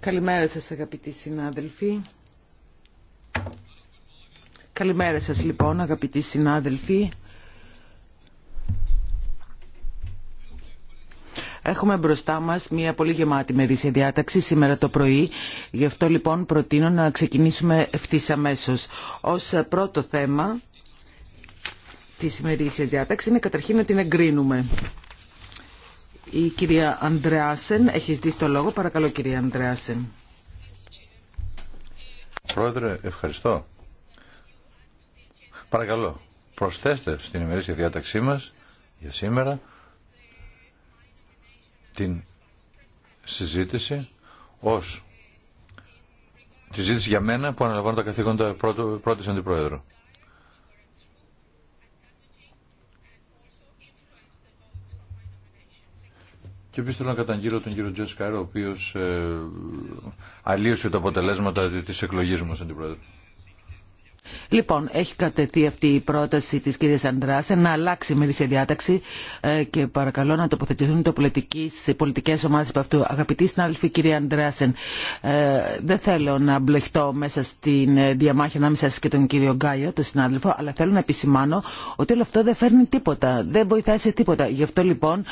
Καλημέρα σας αγαπητοί συνάδελφοι. Καλημέρα σας λοιπόν αγαπητοί συνάδελφοι. Έχουμε μπροστά μας μια πολύ γεμάτη μερίσια διάταξη σήμερα το πρωί. Γι' αυτό λοιπόν προτείνω να ξεκινήσουμε ευθύ αμέσω. Ως πρώτο θέμα της μερίσιας διάταξης είναι καταρχήν να την εγκρίνουμε. Η κυρία Αντρεάσεν έχει ζητήσει το λόγο. Παρακαλώ κυρία Αντρεάσεν. Πρόεδρε, ευχαριστώ. Παρακαλώ, προσθέστε στην ημερήσια διάταξή μας για σήμερα την συζήτηση ως τη συζήτηση για μένα που αναλαμβάνω τα καθήκοντα πρώτη αντιπρόεδρου. Και επίση θέλω να καταγγείλω τον κύριο Τζέσκαρο, ο οποίο ε, αλλίωσε τα αποτελέσματα τη εκλογή μα, αντιπρόεδρο. Λοιπόν, έχει κατεθεί αυτή η πρόταση της κυρίας Αντράσεν να αλλάξει η μερίσια διάταξη ε, και παρακαλώ να τοποθετηθούν το πολιτικές, πολιτικές ομάδες από αυτού. Αγαπητοί συνάδελφοι, κυρία Αντράσεν, ε, δεν θέλω να μπλεχτώ μέσα στην ε, διαμάχη ανάμεσα σας και τον κύριο Γκάιο, τον συνάδελφο, αλλά θέλω να επισημάνω ότι όλο αυτό δεν φέρνει τίποτα, δεν βοηθάει σε τίποτα. Γι' αυτό λοιπόν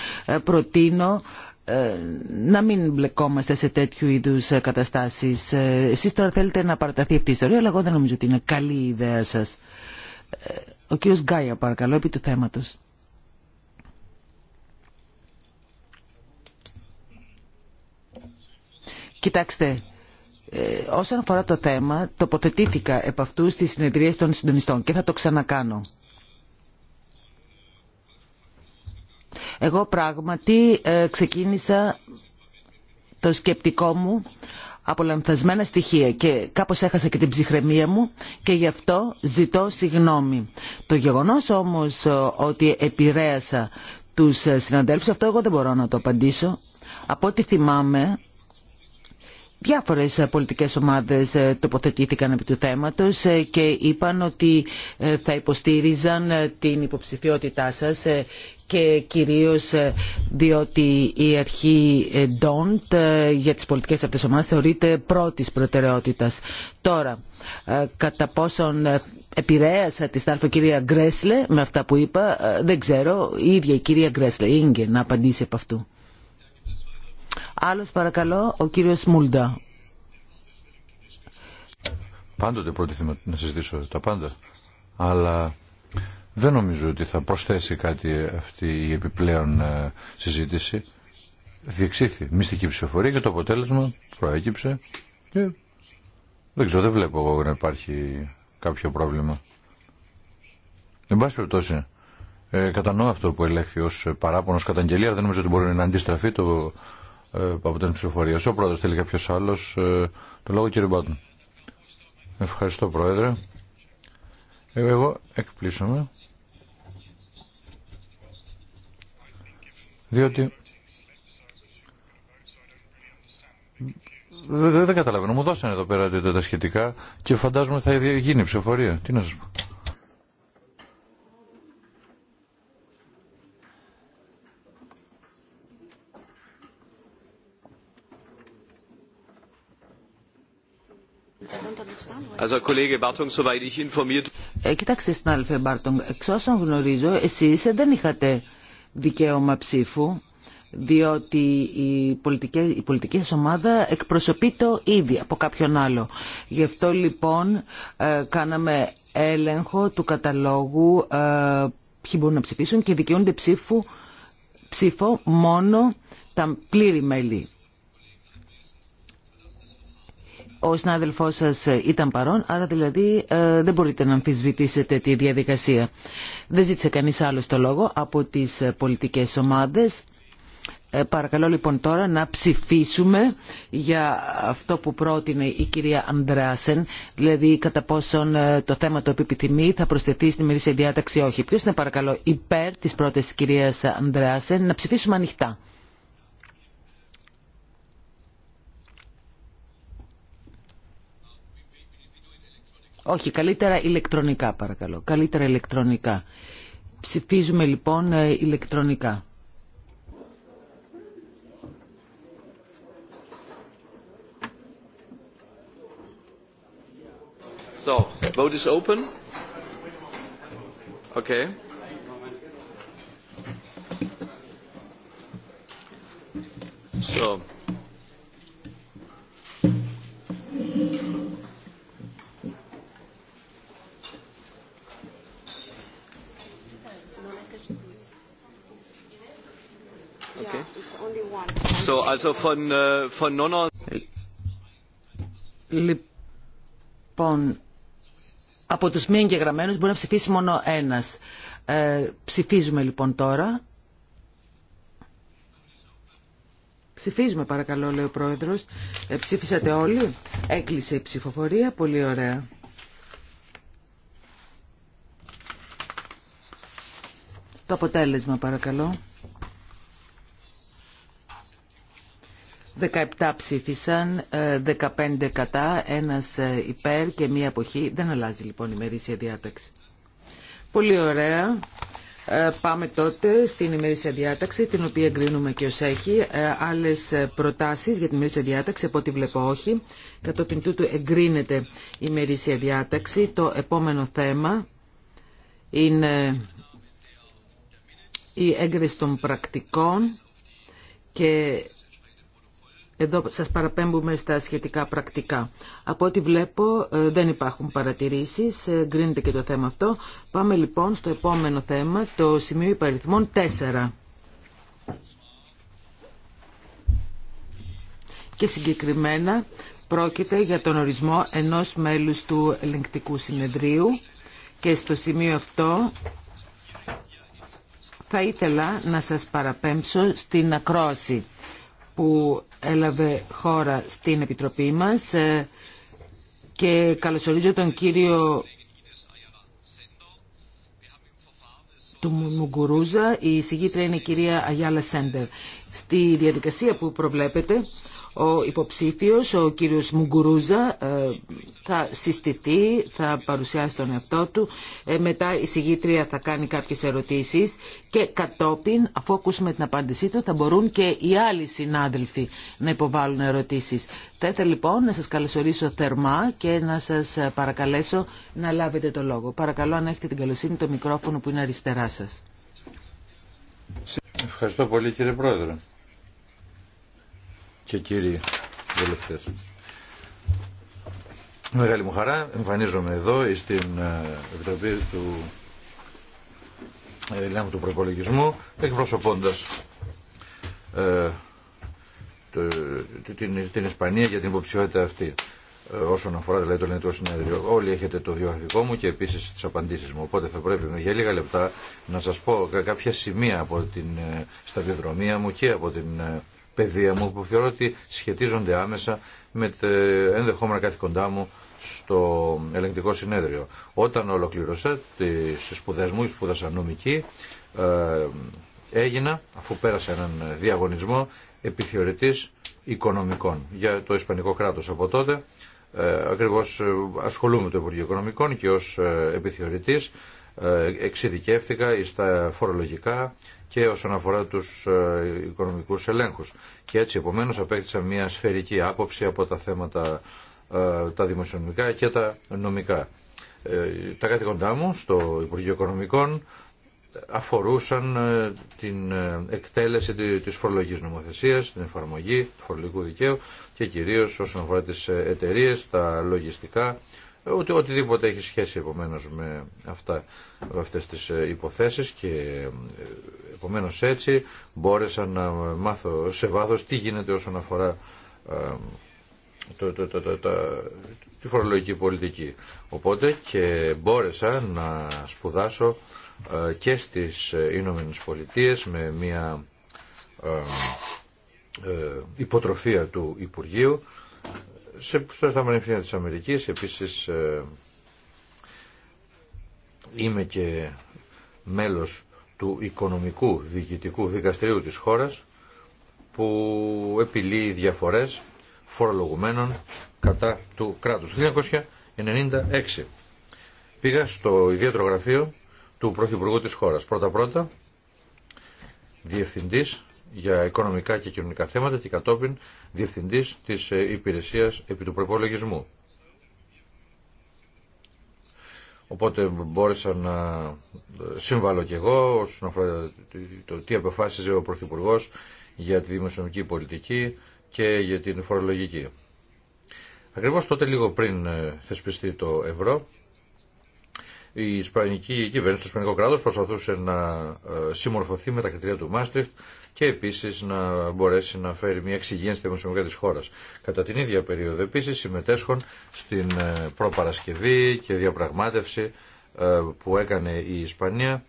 προτείνω ε, να μην μπλεκόμαστε σε τέτοιου είδους ε, καταστάσεις. Ε, εσείς τώρα θέλετε να παραταθεί αυτή η ιστορία, αλλά εγώ δεν νομίζω ότι είναι καλή η ιδέα σας. Ο κύριος Γκάια, παρακαλώ, επί του θέματος. Κοιτάξτε, όσον αφορά το θέμα, τοποθετήθηκα επ' αυτού στις συνεδρίες των συντονιστών και θα το ξανακάνω. Εγώ πράγματι ε, ξεκίνησα το σκεπτικό μου από λανθασμένα στοιχεία και κάπως έχασα και την ψυχραιμία μου και γι' αυτό ζητώ συγγνώμη. Το γεγονός όμως ε, ότι επηρέασα τους ε, συναντέλφους, αυτό εγώ δεν μπορώ να το απαντήσω. Από ό,τι θυμάμαι, Διάφορες πολιτικές ομάδες ε, τοποθετήθηκαν επί του θέματος ε, και είπαν ότι ε, θα υποστήριζαν την υποψηφιότητά σας και κυρίως διότι η αρχή don't για τις πολιτικές αυτές ομάδες θεωρείται πρώτης προτεραιότητας. Τώρα, κατά πόσον επηρέασα τη στάρφο κυρία Γκρέσλε με αυτά που είπα, δεν ξέρω, η ίδια η κυρία Γκρέσλε, Ίγκε, να απαντήσει από αυτού. Άλλος παρακαλώ, ο κύριος Μούλντα. Πάντοτε πρότειθα να συζητήσω τα πάντα, αλλά δεν νομίζω ότι θα προσθέσει κάτι αυτή η επιπλέον ε, συζήτηση. Διεξήθη μυστική ψηφοφορία και το αποτέλεσμα προέκυψε και δεν ξέρω, δεν βλέπω εγώ να υπάρχει κάποιο πρόβλημα. Εν πάση περιπτώσει, ε, κατανοώ αυτό που ελέγχθη ως παράπονο καταγγελία, δεν νομίζω ότι μπορεί να αντιστραφεί το ε, από την ψηφοφορία. Ο πρόεδρος θέλει κάποιος άλλος. Ε, Το λόγο κύριε Μπάτον. Ευχαριστώ πρόεδρε. Ε, εγώ εκπλήσωμαι. Διότι δεν, καταλαβαίνω. Μου δώσανε εδώ πέρα τα σχετικά και φαντάζομαι θα γίνει ψηφοφορία. Τι να σα πω. Ε, κοιτάξτε στην άλλη Μπάρτονγκ, εξ όσων γνωρίζω, εσείς δεν είχατε δικαίωμα ψήφου, διότι η πολιτική, η πολιτική ομάδα εκπροσωπεί το ίδιο από κάποιον άλλο. Γι' αυτό λοιπόν ε, κάναμε έλεγχο του καταλόγου ε, ποιοι μπορούν να ψηφίσουν και δικαιούνται ψήφου, ψήφο μόνο τα πλήρη μέλη ο συνάδελφός σας ε, ήταν παρόν, άρα δηλαδή ε, δεν μπορείτε να αμφισβητήσετε τη διαδικασία. Δεν ζήτησε κανείς άλλο το λόγο από τις ε, πολιτικές ομάδες. παρακαλώ λοιπόν τώρα να ψηφίσουμε για αυτό που πρότεινε η κυρία Ανδράσεν, δηλαδή κατά πόσον το θέμα το οποίο επιθυμεί θα προσθεθεί στη ημερήσια διάταξη όχι. Ποιος είναι παρακαλώ υπέρ της πρώτης κυρίας Ανδράσεν να ψηφίσουμε ανοιχτά. Όχι, καλύτερα ηλεκτρονικά παρακαλώ. Καλύτερα ηλεκτρονικά. Ψηφίζουμε λοιπόν ε, ηλεκτρονικά. So, vote is open. Okay. So. Äh, λοιπόν, από τους μη εγγεγραμμένους μπορεί να ψηφίσει μόνο ένας. Ε, ψηφίζουμε λοιπόν τώρα. Ψηφίζουμε παρακαλώ, λέει ο Πρόεδρος. Ε, ψήφισατε όλοι. Έκλεισε η ψηφοφορία. Πολύ ωραία. Το αποτέλεσμα παρακαλώ. 17 ψήφισαν, 15 ε, κατά, ένας ε, υπέρ και μία αποχή. Δεν αλλάζει λοιπόν η ημερήσια διάταξη. Πολύ ωραία. Ε, πάμε τότε στην ημερήσια διάταξη, την οποία εγκρίνουμε και ως έχει. Άλλες προτάσεις για την ημερήσια διάταξη, από ό,τι βλέπω όχι. Κατόπιν τούτου εγκρίνεται η ημερήσια διάταξη. Το επόμενο θέμα είναι η έγκριση των πρακτικών και εδώ σας παραπέμπουμε στα σχετικά πρακτικά. Από ό,τι βλέπω ε, δεν υπάρχουν παρατηρήσεις, ε, γκρίνεται και το θέμα αυτό. Πάμε λοιπόν στο επόμενο θέμα, το σημείο υπαριθμών 4. Και συγκεκριμένα πρόκειται για τον ορισμό ενός μέλους του ελεγκτικού συνεδρίου και στο σημείο αυτό θα ήθελα να σας παραπέμψω στην ακρόαση που έλαβε χώρα στην Επιτροπή μας ε, και καλωσορίζω τον κύριο του Μουγκουρούζα. Η συγγήτρια είναι η κυρία Αγιάλα Σέντερ. Στη διαδικασία που προβλέπετε, ο υποψήφιος, ο κύριος Μουγκουρούζα, ε, θα συστηθεί, θα παρουσιάσει τον εαυτό του. Ε, μετά η συγγήτρια θα κάνει κάποιες ερωτήσεις και κατόπιν, αφού ακούσουμε την απάντησή του, θα μπορούν και οι άλλοι συνάδελφοι να υποβάλουν ερωτήσεις. Θα ήθελα λοιπόν να σας καλωσορίσω θερμά και να σας παρακαλέσω να λάβετε το λόγο. Παρακαλώ αν έχετε την καλοσύνη το μικρόφωνο που είναι αριστερά σας. Ευχαριστώ πολύ κύριε Πρόεδρε και κύριοι βουλευτέ. Μεγάλη μου χαρά, εμφανίζομαι εδώ ε, στην ε, Επιτροπή του ε, Ελέγχου Προπολογισμού εκπροσωπώντας ε, την, την Ισπανία για την υποψηφιότητα αυτή όσον αφορά δηλαδή το ελληνικό συνέδριο. Όλοι έχετε το βιογραφικό μου και επίση τι απαντήσει μου. Οπότε θα πρέπει για λίγα λεπτά να σα πω κάποια σημεία από την σταδιοδρομία μου και από την παιδεία μου που θεωρώ ότι σχετίζονται άμεσα με τα ενδεχόμενα καθηκοντά μου στο ελεγκτικό συνέδριο. Όταν ολοκληρώσα τις σπουδές μου, σπούδασα νομική, ε, έγινα, αφού πέρασα έναν διαγωνισμό, επιθεωρητής οικονομικών για το Ισπανικό κράτος. Από τότε ε, ακριβώς ε, ασχολούμαι το Υπουργείο Οικονομικών και ως επιθεωρητής εξειδικεύτηκα στα φορολογικά και όσον αφορά τους ε, οικονομικούς ελέγχους. Και έτσι επομένως απέκτησα μια σφαιρική άποψη από τα θέματα ε, τα δημοσιονομικά και τα νομικά. Ε, τα καθηγόντά μου στο Υπουργείο Οικονομικών αφορούσαν την εκτέλεση της φορολογικής νομοθεσίας, την εφαρμογή του φορολογικού δικαίου και κυρίως όσον αφορά τις εταιρείες, τα λογιστικά, Οτι οτιδήποτε έχει σχέση επομένως με αυτά, αυτές τις ε, υποθέσεις και ε, επομένως έτσι μπόρεσα να μάθω σε βάθος τι γίνεται όσον αφορά ε, το, το, το, τη φορολογική πολιτική. Οπότε και μπόρεσα να σπουδάσω και στις Ηνωμένες Πολιτείες με μια υποτροφία του Υπουργείου σε, στο Εθνικό Ευθύνη της Αμερικής επίσης ε, είμαι και μέλος του οικονομικού διοικητικού δικαστηρίου της χώρας που επιλύει διαφορές φορολογουμένων κατά του κράτους. Το 1996 πήγα στο ιδιαίτερο γραφείο του Πρωθυπουργού της χώρας. Πρώτα-πρώτα διευθυντής για οικονομικά και κοινωνικά θέματα και κατόπιν διευθυντής της ε, υπηρεσίας επί του προπολογισμού. Οπότε μπόρεσα να ε, συμβάλλω κι εγώ όσον αφορά το τι αποφάσιζε ο Πρωθυπουργό για τη δημοσιονομική πολιτική και για την φορολογική. Ακριβώς τότε λίγο πριν ε, θεσπιστεί το ευρώ η Ισπανική κυβέρνηση, το Ισπανικό κράτο προσπαθούσε να ε, συμμορφωθεί με τα κριτήρια του Μάστριχτ και επίση να μπορέσει να φέρει μια εξυγίανση στη δημοσιογραφία τη χώρα. Κατά την ίδια περίοδο επίση συμμετέσχουν στην ε, προπαρασκευή και διαπραγμάτευση ε, που έκανε η Ισπανία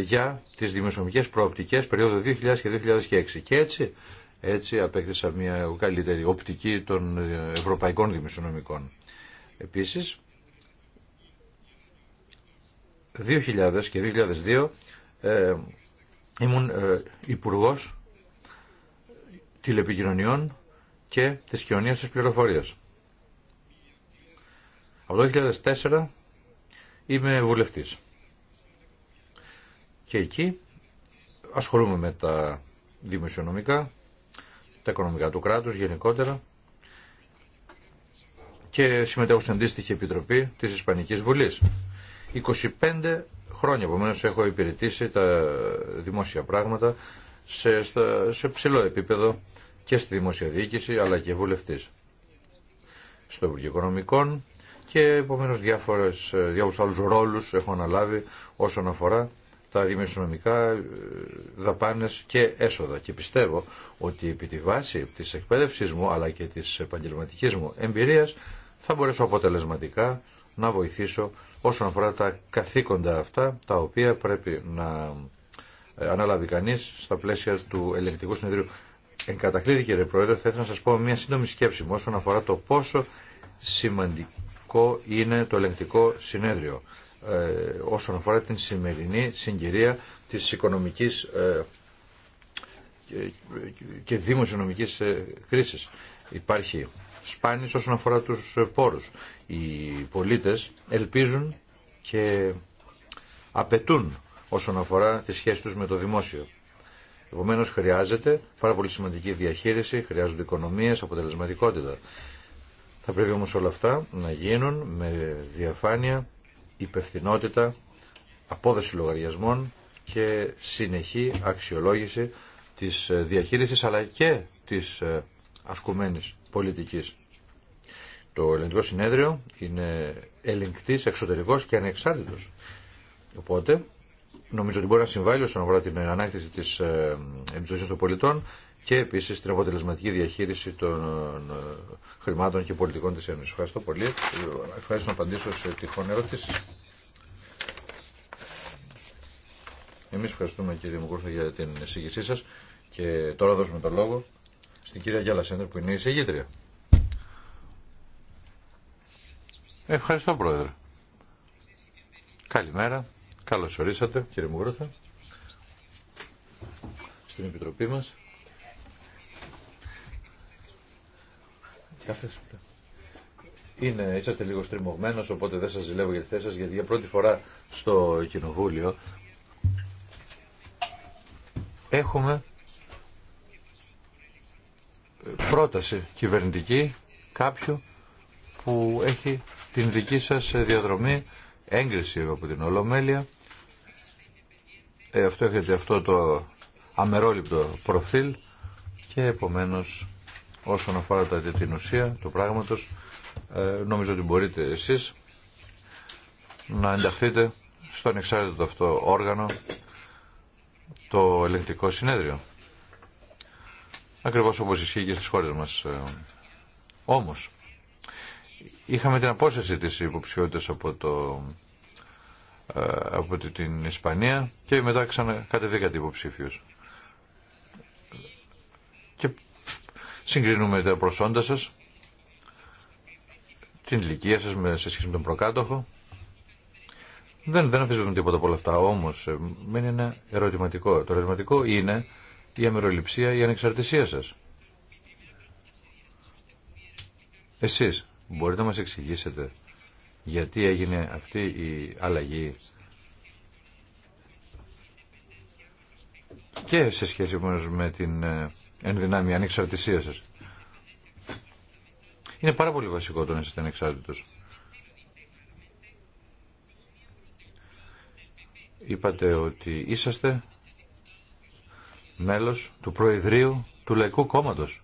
για τι δημοσιονομικές προοπτικέ περίοδο 2000 και 2006. Και έτσι, έτσι απέκτησα μια καλύτερη οπτική των ευρωπαϊκών δημοσιονομικών. Επίσης, 2000 και 2002 ε, ήμουν ε, υπουργό τηλεπικοινωνιών και της κοινωνίας της πληροφορίας. Από το 2004 είμαι βουλευτής. Και εκεί ασχολούμαι με τα δημοσιονομικά, τα οικονομικά του κράτους γενικότερα και συμμετέχω στην αντίστοιχη επιτροπή της Ισπανικής Βουλής 25 χρόνια. επομένω έχω υπηρετήσει τα δημόσια πράγματα σε, σε ψηλό επίπεδο και στη δημόσια αλλά και βουλευτής. Στο Υπουργείο Οικονομικών και επομένω διάφορου άλλου ρόλου ρόλους έχω αναλάβει όσον αφορά τα δημοσιονομικά ε, δαπάνες και έσοδα. Και πιστεύω ότι επί τη βάση της εκπαίδευσή μου αλλά και της επαγγελματική μου εμπειρία θα μπορέσω αποτελεσματικά να βοηθήσω όσον αφορά τα καθήκοντα αυτά, τα οποία πρέπει να ε, αναλάβει κανεί στα πλαίσια του ελεγκτικού συνεδρίου. Εν κατακλείδη, κύριε Πρόεδρε, θα ήθελα να σα πω μια σύντομη σκέψη μου όσον αφορά το πόσο σημαντικό είναι το ελεγκτικό συνέδριο ε, όσον αφορά την σημερινή συγκυρία της οικονομικής ε, και δημοσιονομικής ε, κρίσης. Υπάρχει σπάνιες όσον αφορά τους πόρους. Οι πολίτες ελπίζουν και απαιτούν όσον αφορά τη σχέση τους με το δημόσιο. Επομένως χρειάζεται πάρα πολύ σημαντική διαχείριση, χρειάζονται οικονομίες, αποτελεσματικότητα. Θα πρέπει όμως όλα αυτά να γίνουν με διαφάνεια, υπευθυνότητα, απόδοση λογαριασμών και συνεχή αξιολόγηση της διαχείρισης αλλά και της ε, ασκουμένης το ελληνικό συνέδριο είναι ελεγκτής, εξωτερικός και ανεξάρτητος. Οπότε, νομίζω ότι μπορεί να συμβάλλει όσον αφορά την ανάκτηση της ε, εμπιστοσύνης των πολιτών και επίσης την αποτελεσματική διαχείριση των ε, χρημάτων και πολιτικών της Ένωσης. Ευχαριστώ πολύ. Ευχαριστώ να απαντήσω σε τυχόν ερώτηση. Εμείς ευχαριστούμε κύριε Μουκούρθο για την εισήγησή σας και τώρα δώσουμε το λόγο στην κυρία Γιάλα Σέντερ που είναι η εισηγήτρια. Ευχαριστώ Πρόεδρε. Καλημέρα. Καλώς ορίσατε κύριε Μουγρούθα στην Επιτροπή μας. Είναι, είσαστε λίγο στριμωγμένος, οπότε δεν σας ζηλεύω για τη θέση σας, γιατί για πρώτη φορά στο Κοινοβούλιο έχουμε πρόταση κυβερνητική κάποιου που έχει την δική σας διαδρομή έγκριση από την Ολομέλεια. Ε, αυτό έχετε αυτό το αμερόληπτο προφίλ και επομένως όσον αφορά τα, την ουσία του πράγματος ε, νομίζω ότι μπορείτε εσείς να ενταχθείτε στον εξάρτητο αυτό όργανο το ελεγκτικό συνέδριο. Ακριβώ όπως ισχύει και στις χώρες μας. Ε, όμως, είχαμε την απόσταση της υποψηφιότητα από, το, ε, από την Ισπανία και μετά ξανακατεβήκατε υποψήφιο. Και συγκρίνουμε τα προσόντα σα την ηλικία σα με, σε σχέση με τον προκάτοχο. Δεν, δεν αφήσουμε τίποτα από όλα αυτά, όμως ε, μένει ένα ερωτηματικό. Το ερωτηματικό είναι η αμεροληψία, η ανεξαρτησία σας. Εσείς μπορείτε να μας εξηγήσετε γιατί έγινε αυτή η αλλαγή και σε σχέση με την ε, ενδυνάμει ανεξαρτησία σας. Είναι πάρα πολύ βασικό το να είστε ανεξάρτητος. Είπατε ότι είσαστε μέλος του Προεδρείου του Λαϊκού Κόμματος.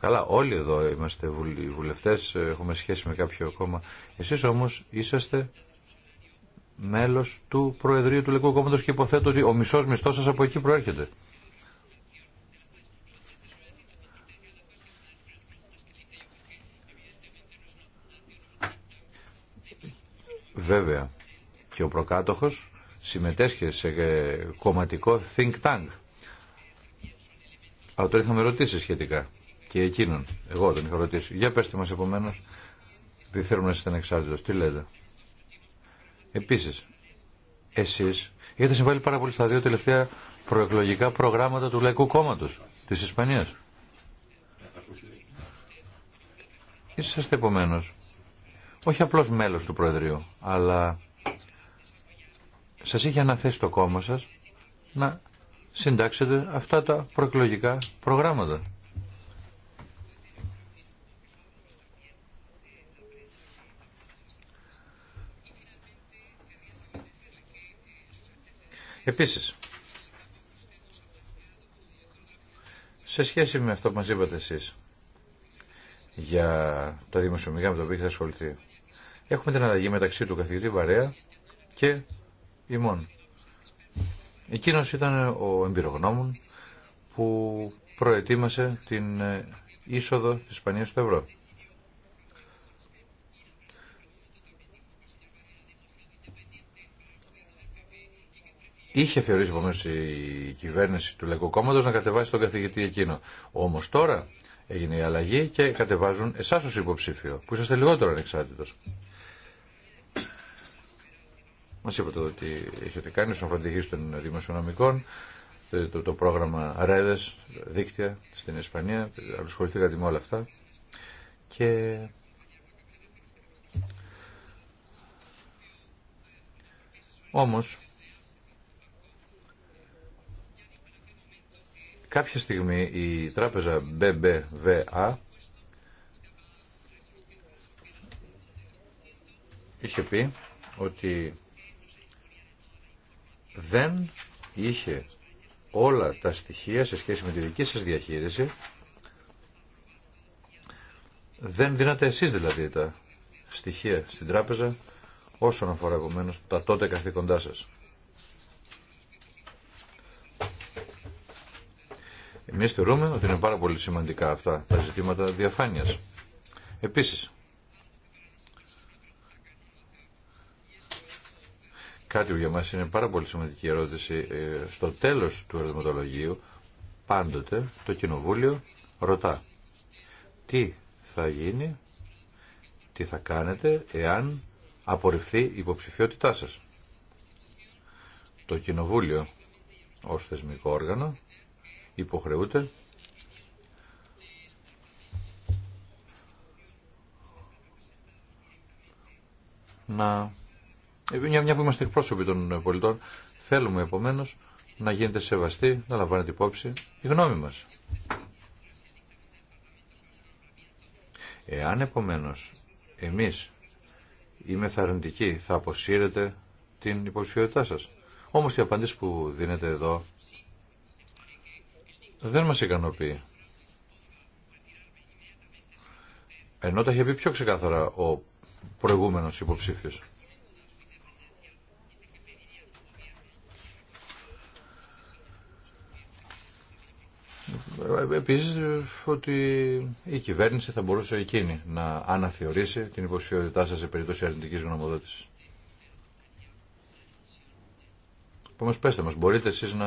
Καλά, όλοι εδώ είμαστε βουλευτές, έχουμε σχέση με κάποιο κόμμα. Εσείς όμως είσαστε μέλος του Προεδρείου του Λαϊκού Κόμματος και υποθέτω ότι ο μισός μισθός σας από εκεί προέρχεται. Βέβαια, και ο προκάτοχος συμμετέσχε σε κομματικό think tank. Αλλά τον είχαμε ρωτήσει σχετικά και εκείνον. Εγώ τον είχα ρωτήσει. Για πέστε μας επομένω, δεν θέλουμε να είστε ανεξάρτητο. Τι λέτε. Επίσης, εσείς έχετε συμβάλει πάρα πολύ στα δύο τελευταία προεκλογικά προγράμματα του Λαϊκού κόμματο της Ισπανίας. Είσαστε επομένω. όχι απλώς μέλος του Προεδρείου, αλλά σα είχε αναθέσει το κόμμα σα να συντάξετε αυτά τα προεκλογικά προγράμματα. Επίσης, σε σχέση με αυτό που μας είπατε εσείς για τα δημοσιομικά με το οποία έχετε ασχοληθεί, έχουμε την αλλαγή μεταξύ του καθηγητή Βαρέα και ημών. Εκείνος ήταν ο εμπειρογνώμων που προετοίμασε την ε, είσοδο της Ισπανίας στο ευρώ. Είχε θεωρήσει επομένω η κυβέρνηση του Λαϊκού Κόμματο να κατεβάσει τον καθηγητή εκείνο. Όμω τώρα έγινε η αλλαγή και κατεβάζουν εσά ω υποψήφιο, που είσαστε λιγότερο ανεξάρτητο. Μα είπατε ότι έχετε κάνει στον φαντηγή των δημοσιονομικών, το, το, πρόγραμμα Redes δίκτυα στην Ισπανία, ασχοληθήκατε με όλα αυτά και όμως κάποια στιγμή η τράπεζα BBVA είχε πει ότι δεν είχε όλα τα στοιχεία σε σχέση με τη δική σας διαχείριση. Δεν δίνατε εσείς δηλαδή τα στοιχεία στην τράπεζα όσον αφορά επομένως τα τότε καθήκοντά σας. Εμείς θεωρούμε ότι είναι πάρα πολύ σημαντικά αυτά τα ζητήματα διαφάνειας. Επίσης, κάτι που για μας είναι πάρα πολύ σημαντική ερώτηση. Ε, στο τέλος του ερωτηματολογίου πάντοτε το Κοινοβούλιο ρωτά τι θα γίνει, τι θα κάνετε εάν απορριφθεί η υποψηφιότητά σας. Το Κοινοβούλιο ως θεσμικό όργανο υποχρεούται να μια, μια που είμαστε εκπρόσωποι των πολιτών, θέλουμε επομένως να γίνετε σεβαστή, να λαμβάνετε υπόψη η γνώμη μα. Εάν επομένως εμείς είμαι αρνητικοί θα αποσύρετε την υποψηφιότητά σα. Όμω η απάντηση που δίνετε εδώ δεν μα ικανοποιεί. Ενώ τα είχε πει πιο ξεκάθαρα ο προηγούμενος υποψήφιος. Επίση ότι η κυβέρνηση θα μπορούσε εκείνη να αναθεωρήσει την υποψηφιότητά σα σε περίπτωση αρνητικής γνωμοδότησης. Όμω πέστε μας, μπορείτε εσείς να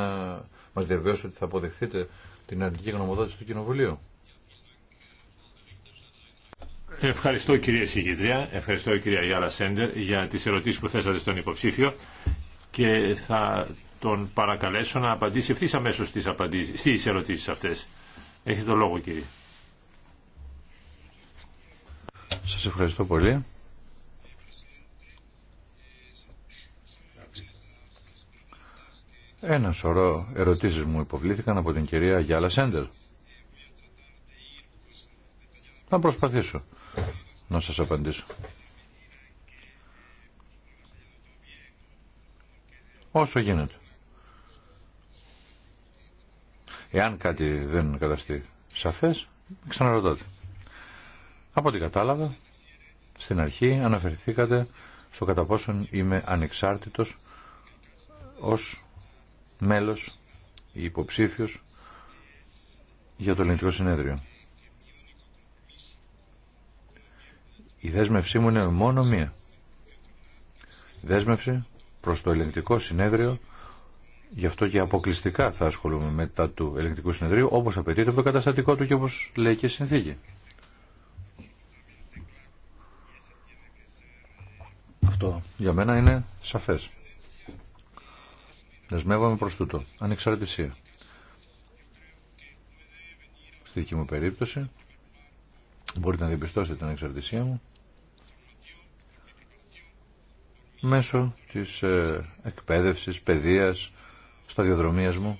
μας διαβεβαιώσετε ότι θα αποδεχθείτε την αρνητική γνωμοδότηση του Κοινοβουλίου. Ευχαριστώ κυρία Συγητρία, ευχαριστώ κυρία Γιάλα Σέντερ για τις ερωτήσεις που θέσατε στον υποψήφιο και θα τον παρακαλέσω να απαντήσει ευθύ αμέσω στι ερωτήσει αυτέ. ερωτήσεις αυτές. Έχετε το λόγο κύριε. Σα ευχαριστώ πολύ. Ένα σωρό ερωτήσει μου υποβλήθηκαν από την κυρία Γιάλα Σέντερ. Θα προσπαθήσω να σας απαντήσω. Όσο γίνεται. Εάν κάτι δεν καταστεί σαφές, ξαναρωτάτε. Από ό,τι κατάλαβα, στην αρχή αναφερθήκατε στο κατά πόσον είμαι ανεξάρτητος ως μέλος ή υποψήφιος για το ελληνικό συνέδριο. Η δέσμευσή μου είναι μόνο μία. δέσμευση προς το ελληνικό συνέδριο Γι' αυτό και αποκλειστικά θα ασχολούμαι μετά του ελεγκτικού συνεδρίου, όπως απαιτείται από το καταστατικό του και όπως λέει και η συνθήκη. Αυτό για μένα είναι σαφές. Δεσμεύομαι προ τούτο. Ανεξαρτησία. Στη δική μου περίπτωση μπορείτε να διαπιστώσετε την ανεξαρτησία μου μέσω της ε, εκπαίδευσης, παιδείας, σταδιοδρομίας μου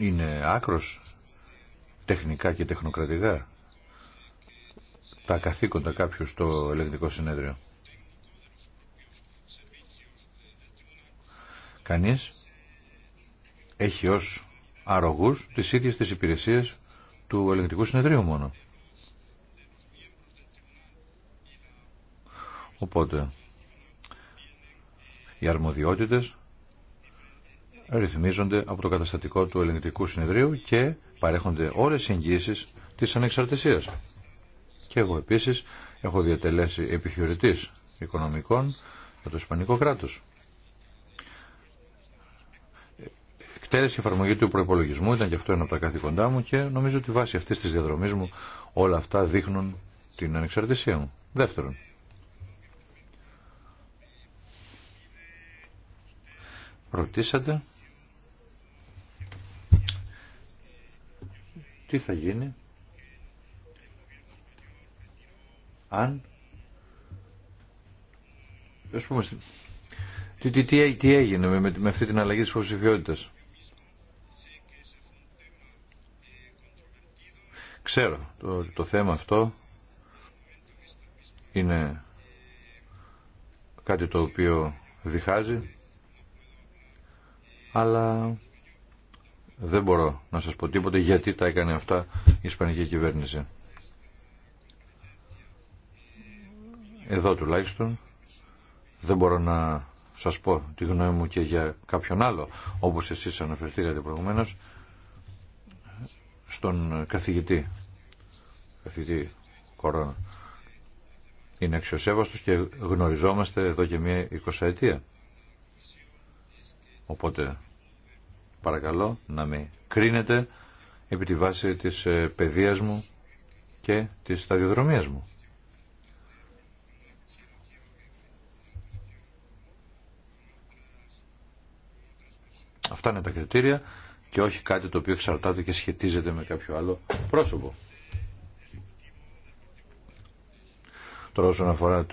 είναι άκρος τεχνικά και τεχνοκρατικά τα καθήκοντα κάποιου στο ελεγκτικό συνέδριο. Κανείς έχει ως αρρωγούς τις ίδιες τις υπηρεσίες του ελεγκτικού συνεδρίου μόνο. Οπότε, οι αρμοδιότητες ρυθμίζονται από το καταστατικό του ελληνικού συνεδρίου και παρέχονται όλες οι εγγύσεις της ανεξαρτησίας. Και εγώ επίσης έχω διατελέσει επιθεωρητής οικονομικών για το Ισπανικό κράτος. Εκτέλεση και εφαρμογή του προπολογισμού ήταν και αυτό ένα από τα καθήκοντά μου και νομίζω ότι βάσει αυτή τη διαδρομή μου όλα αυτά δείχνουν την ανεξαρτησία μου. Δεύτερον, ρωτήσατε τι θα γίνει αν τι, τι, τι, έγινε με, με αυτή την αλλαγή της υποψηφιότητας. Ξέρω το, το θέμα αυτό είναι κάτι το οποίο διχάζει αλλά δεν μπορώ να σας πω τίποτε γιατί τα έκανε αυτά η Ισπανική κυβέρνηση. Εδώ τουλάχιστον δεν μπορώ να σας πω τη γνώμη μου και για κάποιον άλλο, όπως εσείς αναφερθήκατε προηγουμένως, στον καθηγητή, καθηγητή Κορώνα. Είναι αξιοσέβαστος και γνωριζόμαστε εδώ και μία εικοσαετία. Οπότε παρακαλώ να με κρίνετε επί τη βάση της ε, παιδείας μου και της σταδιοδρομίας μου. Αυτά είναι τα κριτήρια και όχι κάτι το οποίο εξαρτάται και σχετίζεται με κάποιο άλλο πρόσωπο. Τώρα όσον αφορά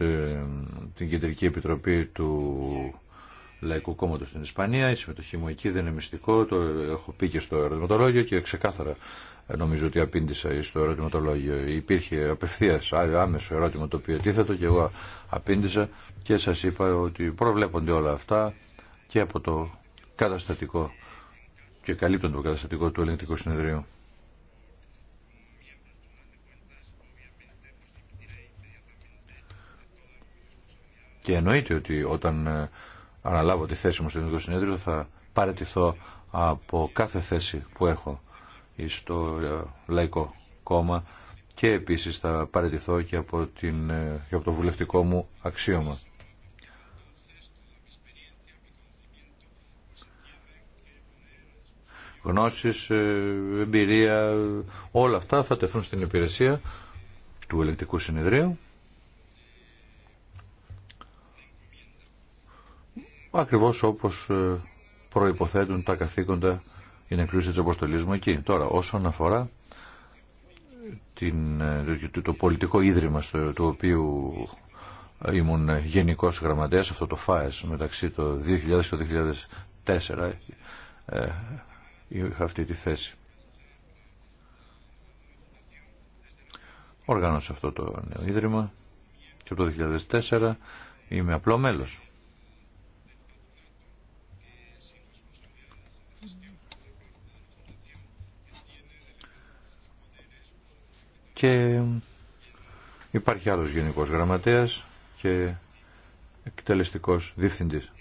την Κεντρική Επιτροπή του Λαϊκού κόμματο στην Ισπανία. Η συμμετοχή μου εκεί δεν είναι μυστικό, το έχω πει και στο ερωτηματολόγιο και ξεκάθαρα νομίζω ότι απήντησα στο ερωτηματολόγιο. Υπήρχε απευθεία άμεσο ερώτημα το οποίο τίθετο και εγώ απήντησα και σα είπα ότι προβλέπονται όλα αυτά και από το καταστατικό και καλύπτουν το καταστατικό του Ελληνικού Συνεδρίου. Και εννοείται ότι όταν ε, αναλάβω τη θέση μου στο Ελληνικό Συνέδριο θα παραιτηθώ από κάθε θέση που έχω στο Λαϊκό Κόμμα και επίσης θα παραιτηθώ και από, την, το βουλευτικό μου αξίωμα. γνώσεις, ε, εμπειρία, όλα αυτά θα τεθούν στην υπηρεσία του Ελληνικού συνεδρίου ακριβώς όπως ε, προϋποθέτουν τα καθήκοντα για να της αποστολής μου εκεί. Τώρα, όσον αφορά την, ε, το, πολιτικό ίδρυμα στο, του οποίου ήμουν γενικός γραμματέας, αυτό το ΦΑΕΣ, μεταξύ το 2000 και το 2004, ε, είχα αυτή τη θέση. Οργάνωσε αυτό το νέο ίδρυμα και από το 2004 είμαι απλό μέλος. και υπάρχει άλλος γενικός γραμματέας και εκτελεστικός διευθυντής.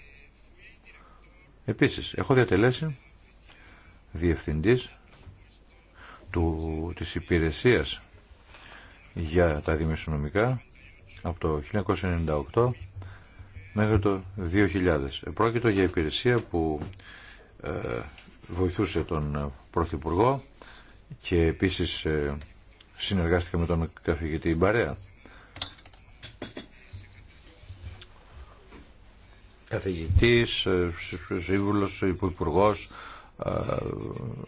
Επίσης, έχω διατελέσει διευθυντής του, της υπηρεσίας για τα δημοσιονομικά από το 1998 μέχρι το 2000. Επρόκειτο για υπηρεσία που ε, βοηθούσε τον Πρωθυπουργό και επίσης ε, συνεργάστηκα με τον καθηγητή Μπαρέα. Καθηγητής, ε, σύμβουλος, υπουργός, ε,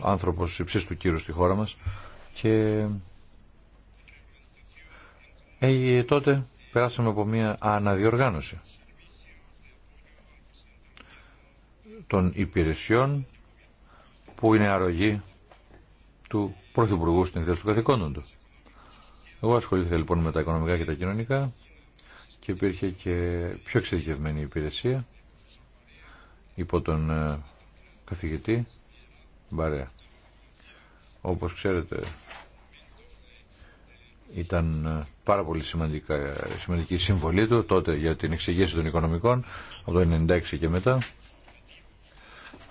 άνθρωπος υψής του κύρου στη χώρα μας και ε, τότε περάσαμε από μια αναδιοργάνωση των υπηρεσιών που είναι αρρωγή του Πρωθυπουργού στην ιδέα του καθηκόντων του. Εγώ ασχολήθηκα λοιπόν με τα οικονομικά και τα κοινωνικά και υπήρχε και πιο εξειδικευμένη υπηρεσία υπό τον ε, καθηγητή Μπαρέα. Όπως ξέρετε ήταν ε, πάρα πολύ σημαντικά, σημαντική η συμβολή του τότε για την εξηγήση των οικονομικών από το 1996 και μετά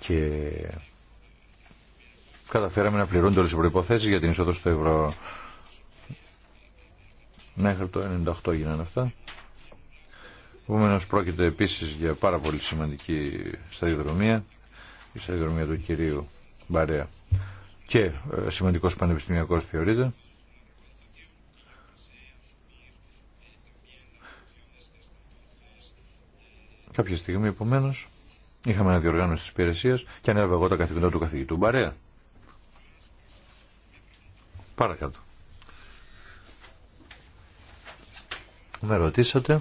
και καταφέραμε να πληρούνται όλες οι προϋποθέσεις για την είσοδο στο ευρώ. Μέχρι το 98 γίνανε αυτά. Επομένω πρόκειται επίσης για πάρα πολύ σημαντική σταδιοδρομία, η σταδιοδρομία του κυρίου Μπαρέα και ε, σημαντικός πανεπιστημιακός θεωρείται. Κάποια στιγμή επομένω είχαμε αναδιοργάνωση τη υπηρεσία και ανέλαβα εγώ τα καθηγητά του καθηγητού Μπαρέα. Παρακάτω. με ρωτήσατε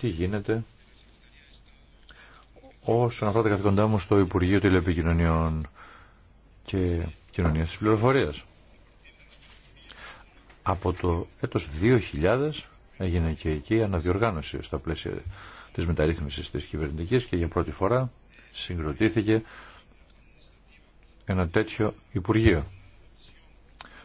τι γίνεται όσον αφορά τα καθηκοντά μου στο Υπουργείο Τηλεπικοινωνιών και Κοινωνίας της Πληροφορίας. Από το έτος 2000 έγινε και εκεί αναδιοργάνωση στα πλαίσια της μεταρρύθμισης της κυβερνητικής και για πρώτη φορά συγκροτήθηκε ένα τέτοιο Υπουργείο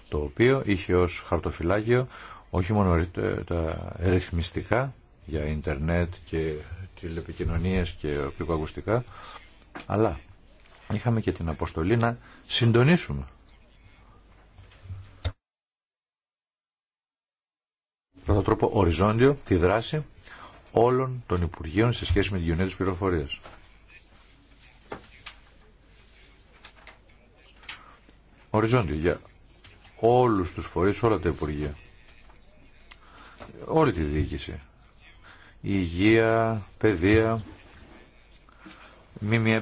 το οποίο είχε ως χαρτοφυλάκιο όχι μόνο τα ρυθμιστικά για ίντερνετ και τηλεπικοινωνίες και οπτικοακουστικά, αλλά είχαμε και την αποστολή να συντονίσουμε. τον τρόπο οριζόντιο τη δράση όλων των Υπουργείων σε σχέση με την κοινωνία της Οριζόντιο για όλους τους φορείς, όλα τα Υπουργεία όλη τη διοίκηση. Υγεία, παιδεία, ΜΜΕ.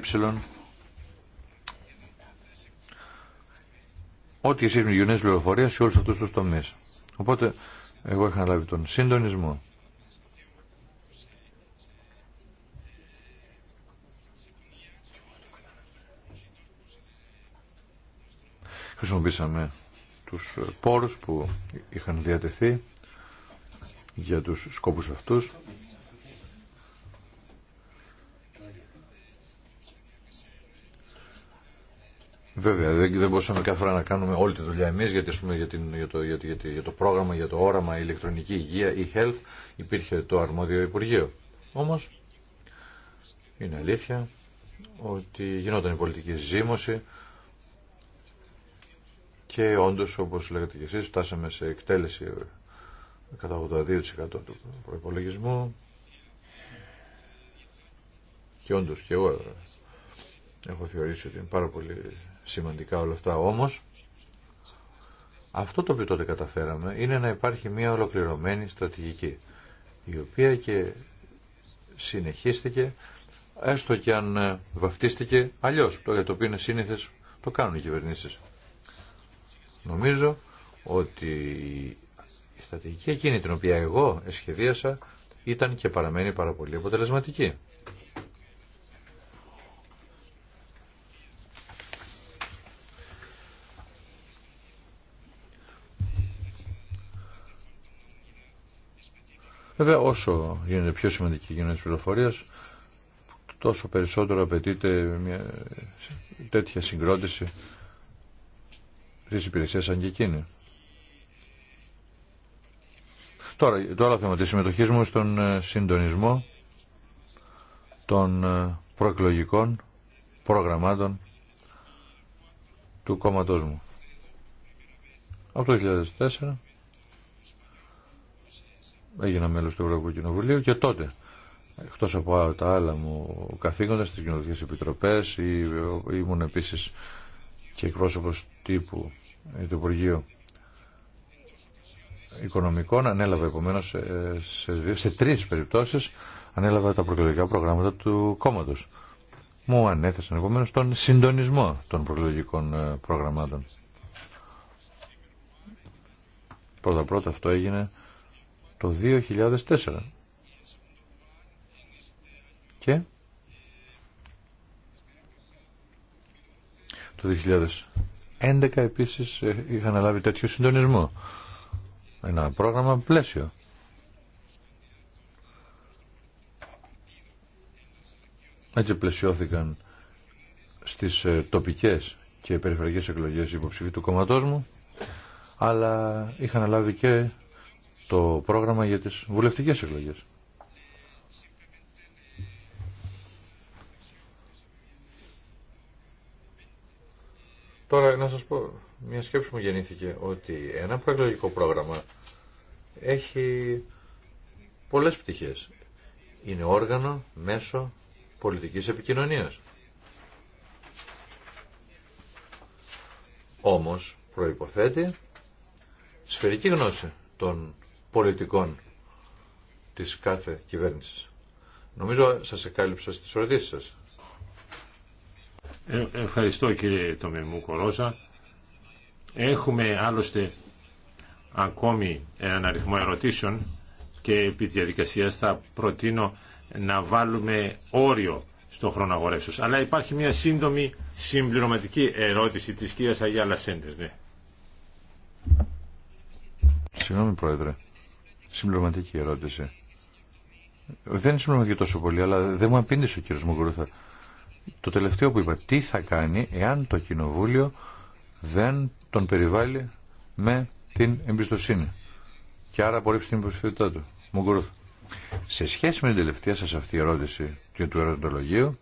Ό,τι εσείς με γιονές πληροφορία σε όλους αυτούς τους τομείς. Οπότε, εγώ είχα λάβει τον συντονισμό. Χρησιμοποίησαμε τους πόρους που είχαν διατεθεί για τους σκόπους αυτούς. Βέβαια, δεν, μπορούσαμε κάθε φορά να κάνουμε όλη τη δουλειά εμείς γιατί για, για, το, για, για, το, πρόγραμμα, για το όραμα, η ηλεκτρονική η e-health, υπήρχε το αρμόδιο Υπουργείο. Όμως, είναι αλήθεια ότι γινόταν η πολιτική ζήμωση και όντως, όπως λέγατε και εσείς, φτάσαμε σε εκτέλεση 182% του προπολογισμού. Και όντω και εγώ έχω θεωρήσει ότι είναι πάρα πολύ σημαντικά όλα αυτά. Όμως, αυτό το οποίο τότε καταφέραμε είναι να υπάρχει μια ολοκληρωμένη στρατηγική, η οποία και συνεχίστηκε, έστω και αν βαφτίστηκε αλλιώ. το για το οποίο είναι σύνηθε το κάνουν οι κυβερνήσει Νομίζω ότι στρατηγική εκείνη την οποία εγώ εσχεδίασα ήταν και παραμένει πάρα πολύ αποτελεσματική. Βέβαια όσο γίνεται πιο σημαντική η κοινωνία πληροφορία τόσο περισσότερο απαιτείται μια τέτοια συγκρότηση της υπηρεσίας σαν και εκείνη. Τώρα, το άλλο θέμα τη συμμετοχή μου στον ε, συντονισμό των ε, προεκλογικών προγραμμάτων του κόμματός μου. Από το 2004 έγινα μέλος του Ευρωπαϊκού Κοινοβουλίου και τότε εκτός από τα άλλα μου καθήκοντα στις κοινωνικές επιτροπές ή, ε, ήμουν επίσης και εκπρόσωπος τύπου του Υπουργείου Οικονομικών ανέλαβε επομένω ε, σε, σε, τρει περιπτώσει ανέλαβα τα προεκλογικά προγράμματα του κόμματο. Μου ανέθεσαν επομένω τον συντονισμό των προεκλογικών ε, προγραμμάτων. Πρώτα-πρώτα αυτό έγινε το 2004. Και το 2011 επίσης ε, είχα αναλάβει τέτοιο συντονισμό ένα πρόγραμμα πλαίσιο. Έτσι πλαισιώθηκαν στις ε, τοπικές και περιφερειακές εκλογές υποψηφοί του κόμματός μου, αλλά είχαν λάβει και το πρόγραμμα για τις βουλευτικές εκλογές. Τώρα να σας πω μια σκέψη μου γεννήθηκε ότι ένα προεκλογικό πρόγραμμα έχει πολλές πτυχές. Είναι όργανο, μέσο πολιτικής επικοινωνίας. Όμως προϋποθέτει σφαιρική γνώση των πολιτικών της κάθε κυβέρνησης. Νομίζω σας εκάλυψα στις ερωτήσεις σας. Ε, ευχαριστώ κύριε Τομιμού Κορόσα. Έχουμε άλλωστε ακόμη έναν αριθμό ερωτήσεων και επί της διαδικασίας θα προτείνω να βάλουμε όριο στο χρόνο αγορεύσεως. Αλλά υπάρχει μια σύντομη συμπληρωματική ερώτηση της κυρίας Αγιά Σέντερ. Ναι. Συγγνώμη Πρόεδρε, συμπληρωματική ερώτηση. Δεν είναι συμπληρωματική τόσο πολύ, αλλά δεν μου απήντησε ο κύριος Μουγκρούθα. Το τελευταίο που είπα, τι θα κάνει εάν το Κοινοβούλιο δεν τον περιβάλλει με την εμπιστοσύνη. Και άρα απορρίψει την υποψηφιότητά του. Μουγκρούθ. Σε σχέση με την τελευταία σα αυτή ερώτηση και του ερωτολογίου,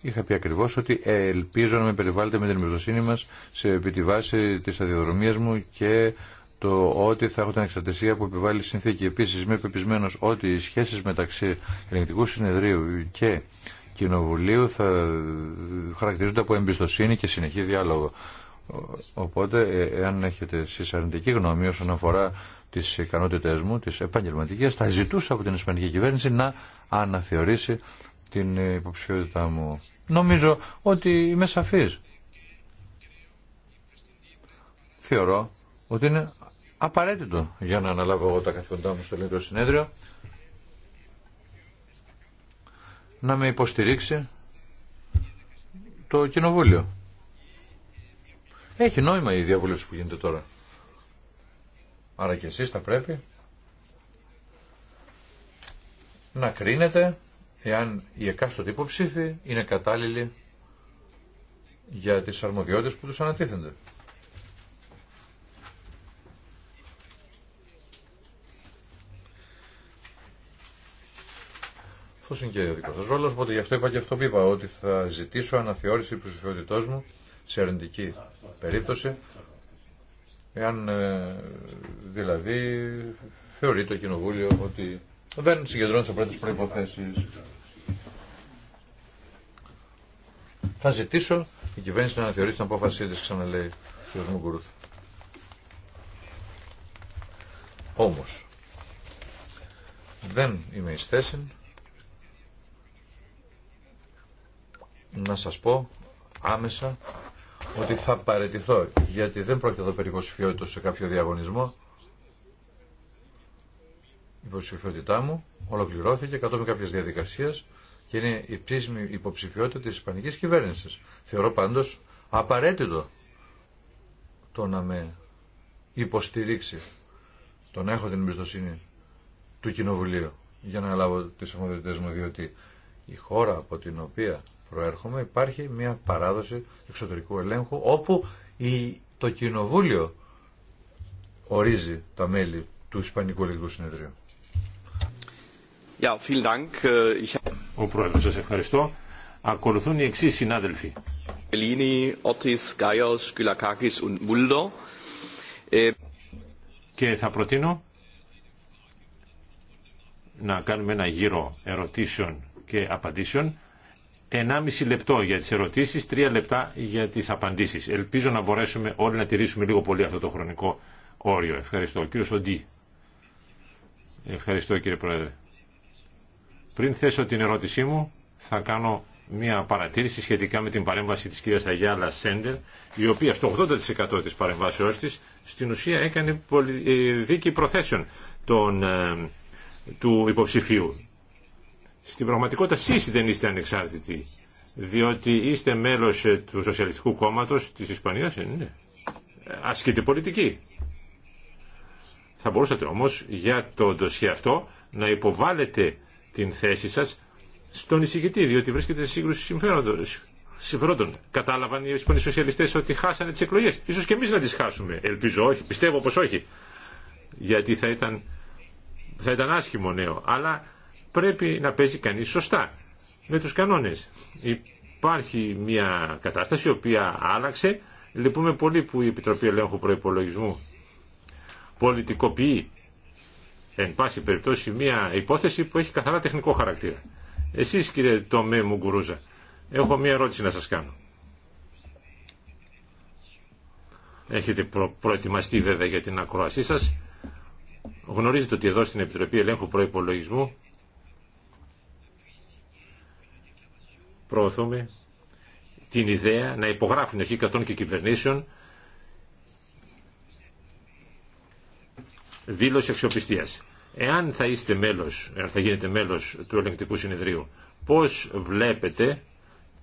είχα πει ακριβώ ότι ελπίζω να με περιβάλλετε με την εμπιστοσύνη μα σε επί τη βάση της αδειοδρομία μου και το ότι θα έχω την εξαρτησία που επιβάλλει η συνθήκη. Επίση, είμαι πεπισμένο ότι οι σχέσει μεταξύ ελεγκτικού Συνεδρίου και Κοινοβουλίου θα χαρακτηρίζονται από εμπιστοσύνη και συνεχή διάλογο. Οπότε, ε, εάν έχετε εσεί αρνητική γνώμη όσον αφορά τι ικανότητέ μου, τι επαγγελματικέ, θα ζητούσα από την Ισπανική κυβέρνηση να αναθεωρήσει την ε, υποψηφιότητά μου. Νομίζω ότι είμαι σαφή. Θεωρώ ότι είναι απαραίτητο για να αναλάβω εγώ τα καθήκοντά μου στο Ελληνικό Συνέδριο να με υποστηρίξει το Κοινοβούλιο. Έχει νόημα η διαβούλευση που γίνεται τώρα. Άρα και εσείς θα πρέπει να κρίνετε εάν η εκάστοτε υποψήφοι είναι κατάλληλοι για τις αρμοδιότητες που τους ανατίθενται. Αυτό είναι και ο δικό σα ρόλο, οπότε γι' αυτό είπα και αυτό που είπα, ότι θα ζητήσω αναθεώρηση τη ψηφιότητό μου σε αρνητική περίπτωση, εάν ε, δηλαδή θεωρεί το Κοινοβούλιο ότι δεν συγκεντρώνει σε πρώτες προϋποθέσεις. Θα ζητήσω η κυβέρνηση να αναθεωρήσει την απόφασή της, ξαναλέει ο κ. Μουγκουρούθ. Όμως, δεν είμαι εις θέση να σας πω άμεσα ότι θα παρετηθώ, γιατί δεν πρόκειται εδώ περί υποψηφιότητα σε κάποιο διαγωνισμό. Η υποψηφιότητά μου ολοκληρώθηκε κατόπιν κάποιε διαδικασίε και είναι η ψήσιμη υποψηφιότητα τη Ισπανική κυβέρνηση. Θεωρώ πάντως απαραίτητο το να με υποστηρίξει, το να έχω την εμπιστοσύνη του Κοινοβουλίου για να λάβω τις αρμοδιότητες μου, διότι η χώρα από την οποία προέρχομαι υπάρχει μια παράδοση εξωτερικού ελέγχου όπου η, το κοινοβούλιο ορίζει τα μέλη του Ισπανικού Ελληνικού Συνεδρίου. Äh, Ο Πρόεδρος, σας ευχαριστώ. Ακολουθούν οι εξής συνάδελφοι. Ότις, Γκάιος, Κυλακάκης και Και θα προτείνω να κάνουμε ένα γύρο ερωτήσεων και απαντήσεων 1,5 λεπτό για τις ερωτήσεις, 3 λεπτά για τις απαντήσεις. Ελπίζω να μπορέσουμε όλοι να τηρήσουμε λίγο πολύ αυτό το χρονικό όριο. Ευχαριστώ. Κύριο Σοντή. Ευχαριστώ κύριε Πρόεδρε. Πριν θέσω την ερώτησή μου, θα κάνω μια παρατήρηση σχετικά με την παρέμβαση της κυρίας Αγιάλα Σέντερ, η οποία στο 80% της παρεμβάσεώς της στην ουσία έκανε ε, δίκη προθέσεων ε, του υποψηφίου. Στην πραγματικότητα εσείς δεν είστε ανεξάρτητοι, διότι είστε μέλος ε, του Σοσιαλιστικού Κόμματος της Ισπανίας, Είναι ασκείτε πολιτική. Θα μπορούσατε όμως για το ντοσχέ αυτό να υποβάλλετε την θέση σας στον εισηγητή, διότι βρίσκεται σε σύγκρουση Συμφέροντων. Κατάλαβαν οι Ισπανοί Σοσιαλιστές ότι χάσανε τις εκλογές. Ίσως και εμείς να τις χάσουμε. Ελπίζω όχι. Πιστεύω πως όχι. Γιατί θα ήταν, θα ήταν άσχημο νέο. Αλλά πρέπει να παίζει κανείς σωστά με τους κανόνες. Υπάρχει μια κατάσταση η οποία άλλαξε. Λυπούμε πολύ που η Επιτροπή Ελέγχου Προϋπολογισμού πολιτικοποιεί εν πάση περιπτώσει μια υπόθεση που έχει καθαρά τεχνικό χαρακτήρα. Εσείς κύριε Τομέ Μουγκουρούζα, έχω μια ερώτηση να σας κάνω. Έχετε προ προετοιμαστεί βέβαια για την ακροασή σας. Γνωρίζετε ότι εδώ στην Επιτροπή Ελέγχου Προϋπολογισμού προωθούμε την ιδέα να υπογράφουν αρχή κατών και κυβερνήσεων δήλωση αξιοπιστίας. Εάν θα είστε μέλος, εάν θα γίνετε μέλος του ελεγκτικού συνεδρίου, πώς βλέπετε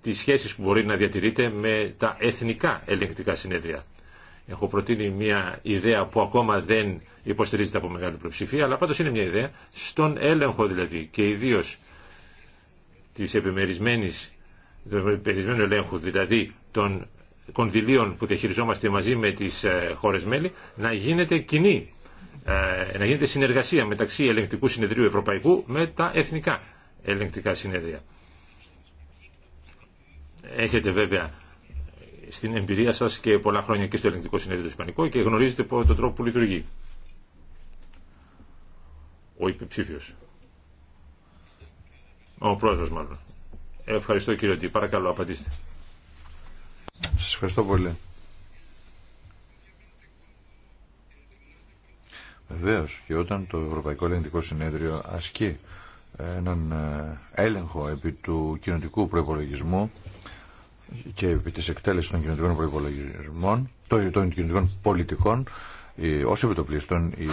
τις σχέσεις που μπορεί να διατηρείτε με τα εθνικά ελεγκτικά συνέδρια. Έχω προτείνει μια ιδέα που ακόμα δεν υποστηρίζεται από μεγάλη πλειοψηφία, αλλά πάντως είναι μια ιδέα στον έλεγχο δηλαδή και ιδίω της επιμερισμένης περισμένου ελέγχου, δηλαδή των κονδυλίων που διαχειριζόμαστε μαζί με τις ε, χώρες μέλη, να γίνεται κοινή, ε, να γίνεται συνεργασία μεταξύ Ελεγκτικού Συνεδρίου Ευρωπαϊκού με τα εθνικά ελεγκτικά συνέδρια. Έχετε βέβαια στην εμπειρία σας και πολλά χρόνια και στο Ελεγκτικό Συνέδριο του Ισπανικό και γνωρίζετε τον τρόπο που λειτουργεί ο υπεψήφιος Ο πρόεδρος μάλλον. Ευχαριστώ κύριε Τι. Παρακαλώ, απαντήστε. Σας ευχαριστώ πολύ. Βεβαίω και όταν το Ευρωπαϊκό Ελληνικό Συνέδριο ασκεί έναν ε, έλεγχο επί του κοινωτικού προϋπολογισμού και επί της εκτέλεσης των κοινωνικών προϋπολογισμών, των κοινωνικών πολιτικών, ως επιτοπλίστων η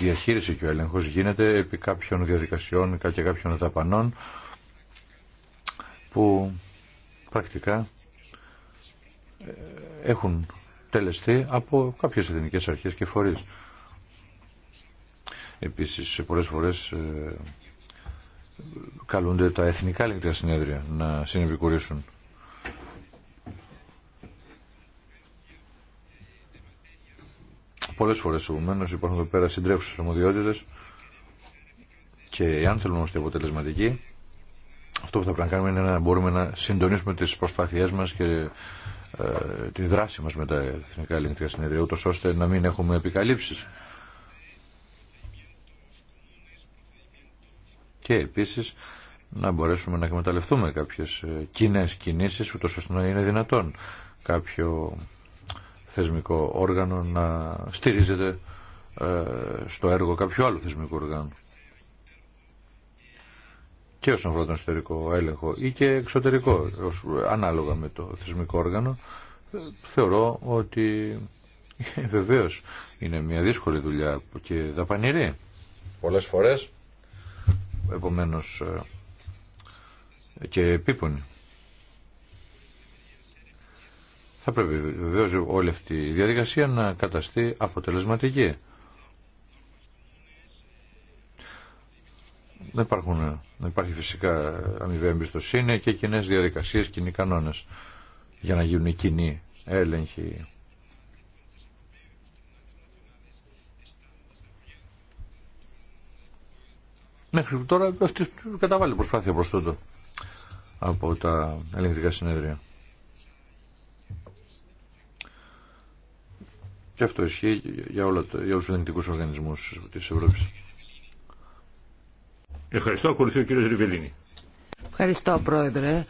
διαχείριση και ο έλεγχος γίνεται επί κάποιων διαδικασιών και κάποιων δαπανών που πρακτικά ε, έχουν τελεστεί από κάποιες εθνικές αρχές και φορείς. Επίσης, πολλές φορές ε, καλούνται τα εθνικά λεκτικά συνέδρια να συνεπικουρήσουν. Πολλές φορές, επομένως, υπάρχουν εδώ πέρα συντρέφουσες ομοδιότητες και αν θέλουμε να είμαστε αποτελεσματικοί, αυτό που θα πρέπει να κάνουμε είναι να μπορούμε να συντονίσουμε τις προσπάθειές μας και ε, τη δράση μας με τα Εθνικά Ελληνικά Συνέδρια, ούτως ώστε να μην έχουμε επικαλύψεις. Και επίσης να μπορέσουμε να εκμεταλλευτούμε κάποιες ε, κοινέ κινήσεις, ούτως ώστε να είναι δυνατόν κάποιο θεσμικό όργανο να στηρίζεται ε, στο έργο κάποιου άλλου θεσμικού οργάνου και όσον αφορά τον εσωτερικό έλεγχο ή και εξωτερικό, ως, ανάλογα με το θεσμικό όργανο, θεωρώ ότι ε, βεβαίω είναι μια δύσκολη δουλειά και δαπανηρή πολλές φορές επομένως ε, και επίπονη θα πρέπει βεβαίω όλη αυτή η διαδικασία να καταστεί αποτελεσματική Δεν υπάρχουν, δεν υπάρχει φυσικά αμοιβαία εμπιστοσύνη και κοινέ διαδικασίε, κοινοί κανόνε για να γίνουν κοινοί έλεγχοι. Μέχρι τώρα αυτή καταβάλει προσπάθεια προ τούτο από τα έλεγχτικα συνέδρια. Και αυτό ισχύει για, όλα, για όλους τους ελληνικούς οργανισμούς της Ευρώπης. Ευχαριστώ. Ακολουθεί ο κύριος Ριβελίνη. Ευχαριστώ, Πρόεδρε.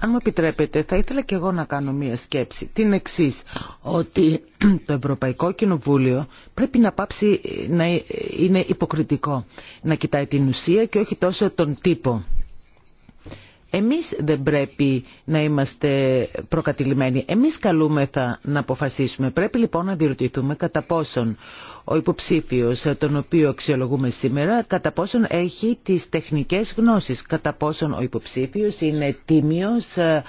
Αν μου επιτρέπετε, θα ήθελα και εγώ να κάνω μία σκέψη. Την εξή, ότι το Ευρωπαϊκό Κοινοβούλιο πρέπει να πάψει να είναι υποκριτικό. Να κοιτάει την ουσία και όχι τόσο τον τύπο. Εμείς δεν πρέπει να είμαστε προκατηλημένοι. Εμείς καλούμεθα να αποφασίσουμε. Πρέπει λοιπόν να διερωτηθούμε κατά πόσον ο υποψήφιος τον οποίο αξιολογούμε σήμερα, κατά πόσον έχει τις τεχνικές γνώσεις, κατά πόσον ο υποψήφιος είναι τίμιος, ε,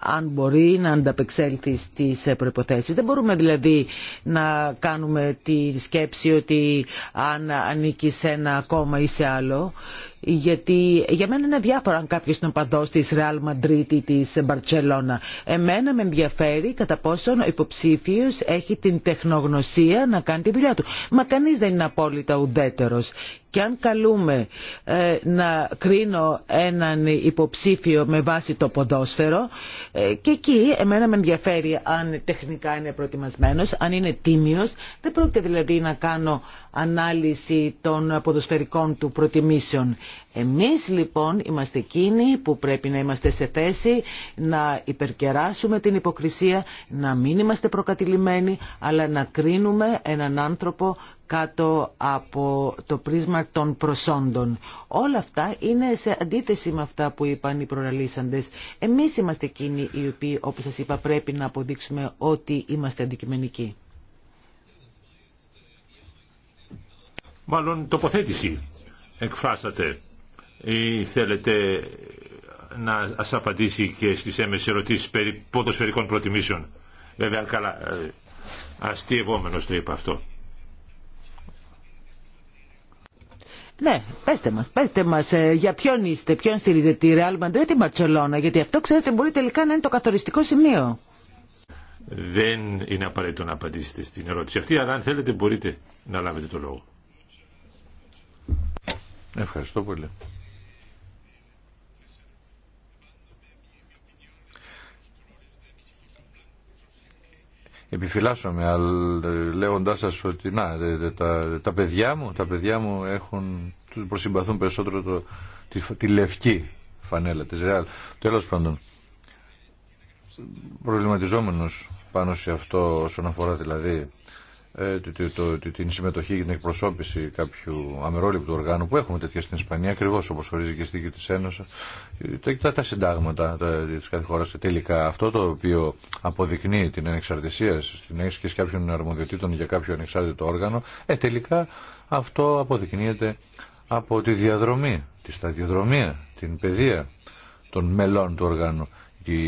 αν μπορεί να ανταπεξέλθει στις προϋποθέσεις. Δεν μπορούμε δηλαδή να κάνουμε τη σκέψη ότι αν ανήκει σε ένα κόμμα ή σε άλλο γιατί για μένα είναι διάφορα αν κάποιο είναι οπαδό τη Ρεάλ Μαντρίτη ή τη Μπαρσελόνα. Εμένα με ενδιαφέρει κατά πόσον ο υποψήφιο έχει την τεχνογνωσία να κάνει τη δουλειά του. Μα κανεί δεν είναι απόλυτα ουδέτερο. Και αν καλούμε ε, να κρίνω έναν υποψήφιο με βάση το ποδόσφαιρο, ε, και εκεί εμένα με ενδιαφέρει αν τεχνικά είναι προετοιμασμένο, αν είναι τίμιο. Δεν πρόκειται δηλαδή να κάνω ανάλυση των ποδοσφαιρικών του προτιμήσεων. Εμείς λοιπόν είμαστε εκείνοι που πρέπει να είμαστε σε θέση να υπερκεράσουμε την υποκρισία, να μην είμαστε προκατηλημένοι, αλλά να κρίνουμε έναν άνθρωπο κάτω από το πρίσμα των προσόντων. Όλα αυτά είναι σε αντίθεση με αυτά που είπαν οι προραλήσαντες. Εμείς είμαστε εκείνοι οι οποίοι, όπως σας είπα, πρέπει να αποδείξουμε ότι είμαστε αντικειμενικοί. μάλλον τοποθέτηση εκφράσατε ή θέλετε να σας απαντήσει και στις έμεσες ερωτήσεις περί ποδοσφαιρικών προτιμήσεων. Βέβαια, καλά, ε, αστείευόμενος το είπα αυτό. Ναι, πέστε μας, πέστε μας ε, για ποιον είστε, ποιον στηρίζετε, τη Real Madrid ή τη γιατί αυτό ξέρετε μπορεί τελικά να είναι το καθοριστικό σημείο. Δεν είναι απαραίτητο να απαντήσετε στην ερώτηση αυτή, αλλά αν θέλετε μπορείτε να λάβετε το λόγο. Ευχαριστώ πολύ. Επιφυλάσσομαι λέγοντάς σας ότι να, τα, παιδιά μου, τα παιδιά μου έχουν, προσυμπαθούν περισσότερο το, τη, τη λευκή φανέλα της Ρεάλ. Τέλος πάντων, προβληματιζόμενος πάνω σε αυτό όσον αφορά δηλαδή ε, την συμμετοχή και την εκπροσώπηση κάποιου αμερόληπτου οργάνου που έχουμε τέτοια στην Ισπανία, ακριβώ όπω ορίζει και η Συνθήκη τη Ένωση. Ε, τα, τα συντάγματα τη κάθε χώρα τελικά αυτό το οποίο αποδεικνύει την ανεξαρτησία στην άσκηση κάποιων αρμοδιοτήτων για κάποιο ανεξάρτητο όργανο, ε, τελικά αυτό αποδεικνύεται από τη διαδρομή, τη σταδιοδρομία, την παιδεία των μελών του οργάνου, και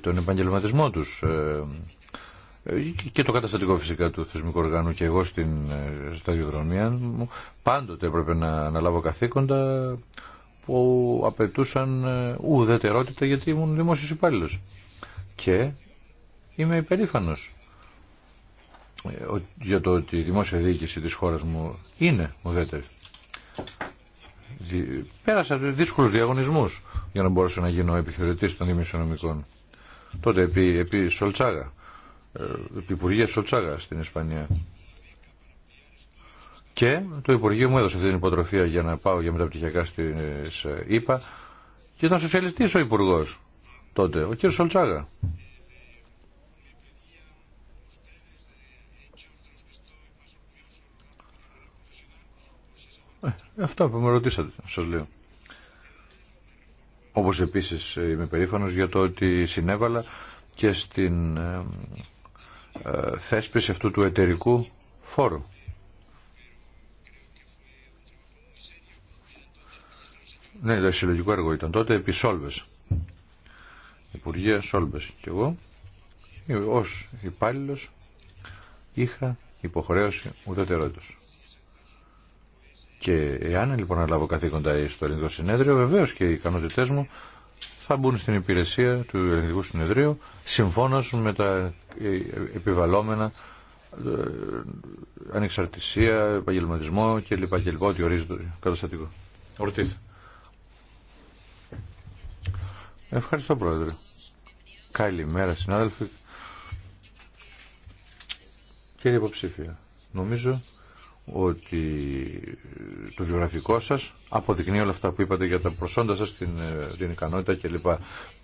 τον επαγγελματισμό τους και το καταστατικό φυσικά του θεσμικού οργάνου και εγώ στην ε, σταδιοδρομία μου πάντοτε έπρεπε να αναλάβω καθήκοντα που απαιτούσαν ε, ουδετερότητα γιατί ήμουν δημόσιος υπάλληλος. Και είμαι υπερήφανος ε, για το ότι η δημόσια διοίκηση της χώρας μου είναι ουδέτερη. Πέρασα δύσκολους διαγωνισμούς για να μπορέσω να γίνω επιθεωρητής των δημοσιονομικών. Τότε επί, επί Σολτσάγα ε, Υπουργεία Σοτσάγα στην Ισπανία. Και το Υπουργείο μου έδωσε αυτή την υποτροφία για να πάω για μεταπτυχιακά στην ΕΠΑ και ήταν σοσιαλιστής ο υπουργό τότε, ο κ. Σολτσάγα. Ε, αυτά που με ρωτήσατε, σας λέω. Όπως επίσης είμαι περήφανος για το ότι συνέβαλα και στην ε, ε, θέσπιση αυτού του εταιρικού φόρου. Ναι, το συλλογικό έργο ήταν τότε επί Σόλβες. Υπουργεία Σόλβες. Και εγώ ως υπάλληλο είχα υποχρέωση ουδετερότητας. Και εάν λοιπόν να λάβω καθήκοντα στο ελληνικό συνέδριο, βεβαίως και οι ικανότητέ μου θα μπουν στην υπηρεσία του Ελληνικού Συνεδρίου Συμφωνώ με τα ε, επιβαλόμενα ε, ανεξαρτησία, επαγγελματισμό κλπ. κλπ ό,τι ορίζει το καταστατικό. Ορτίθ. Ευχαριστώ Πρόεδρε. Καλημέρα συνάδελφοι. Κύριε υποψήφια, νομίζω ότι το βιογραφικό σας αποδεικνύει όλα αυτά που είπατε για τα προσόντα σας, την, ε, την ικανότητα κλπ.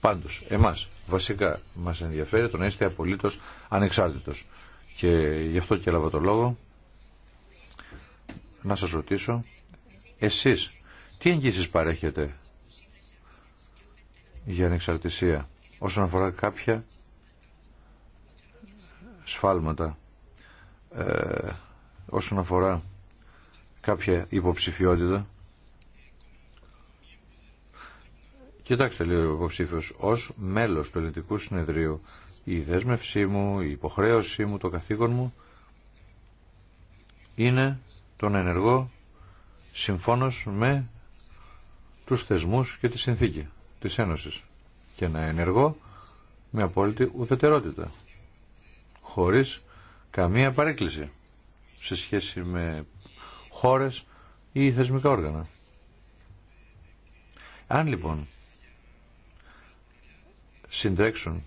Πάντως, εμάς βασικά μας ενδιαφέρει το να είστε απολύτως ανεξάρτητος. Και γι' αυτό και έλαβα το λόγο να σας ρωτήσω, εσείς τι εγγύσεις παρέχετε για ανεξαρτησία όσον αφορά κάποια σφάλματα ε, όσον αφορά κάποια υποψηφιότητα. Κοιτάξτε, λέει ο υποψήφιο, ω μέλο του Ελληνικού Συνεδρίου, η δέσμευσή μου, η υποχρέωσή μου, το καθήκον μου είναι τον ενεργό συμφώνως με τους θεσμούς και τη συνθήκη της Ένωσης και να ενεργώ με απόλυτη ουδετερότητα χωρίς καμία παρέκκληση σε σχέση με χώρες ή θεσμικά όργανα. Αν λοιπόν συντρέξουν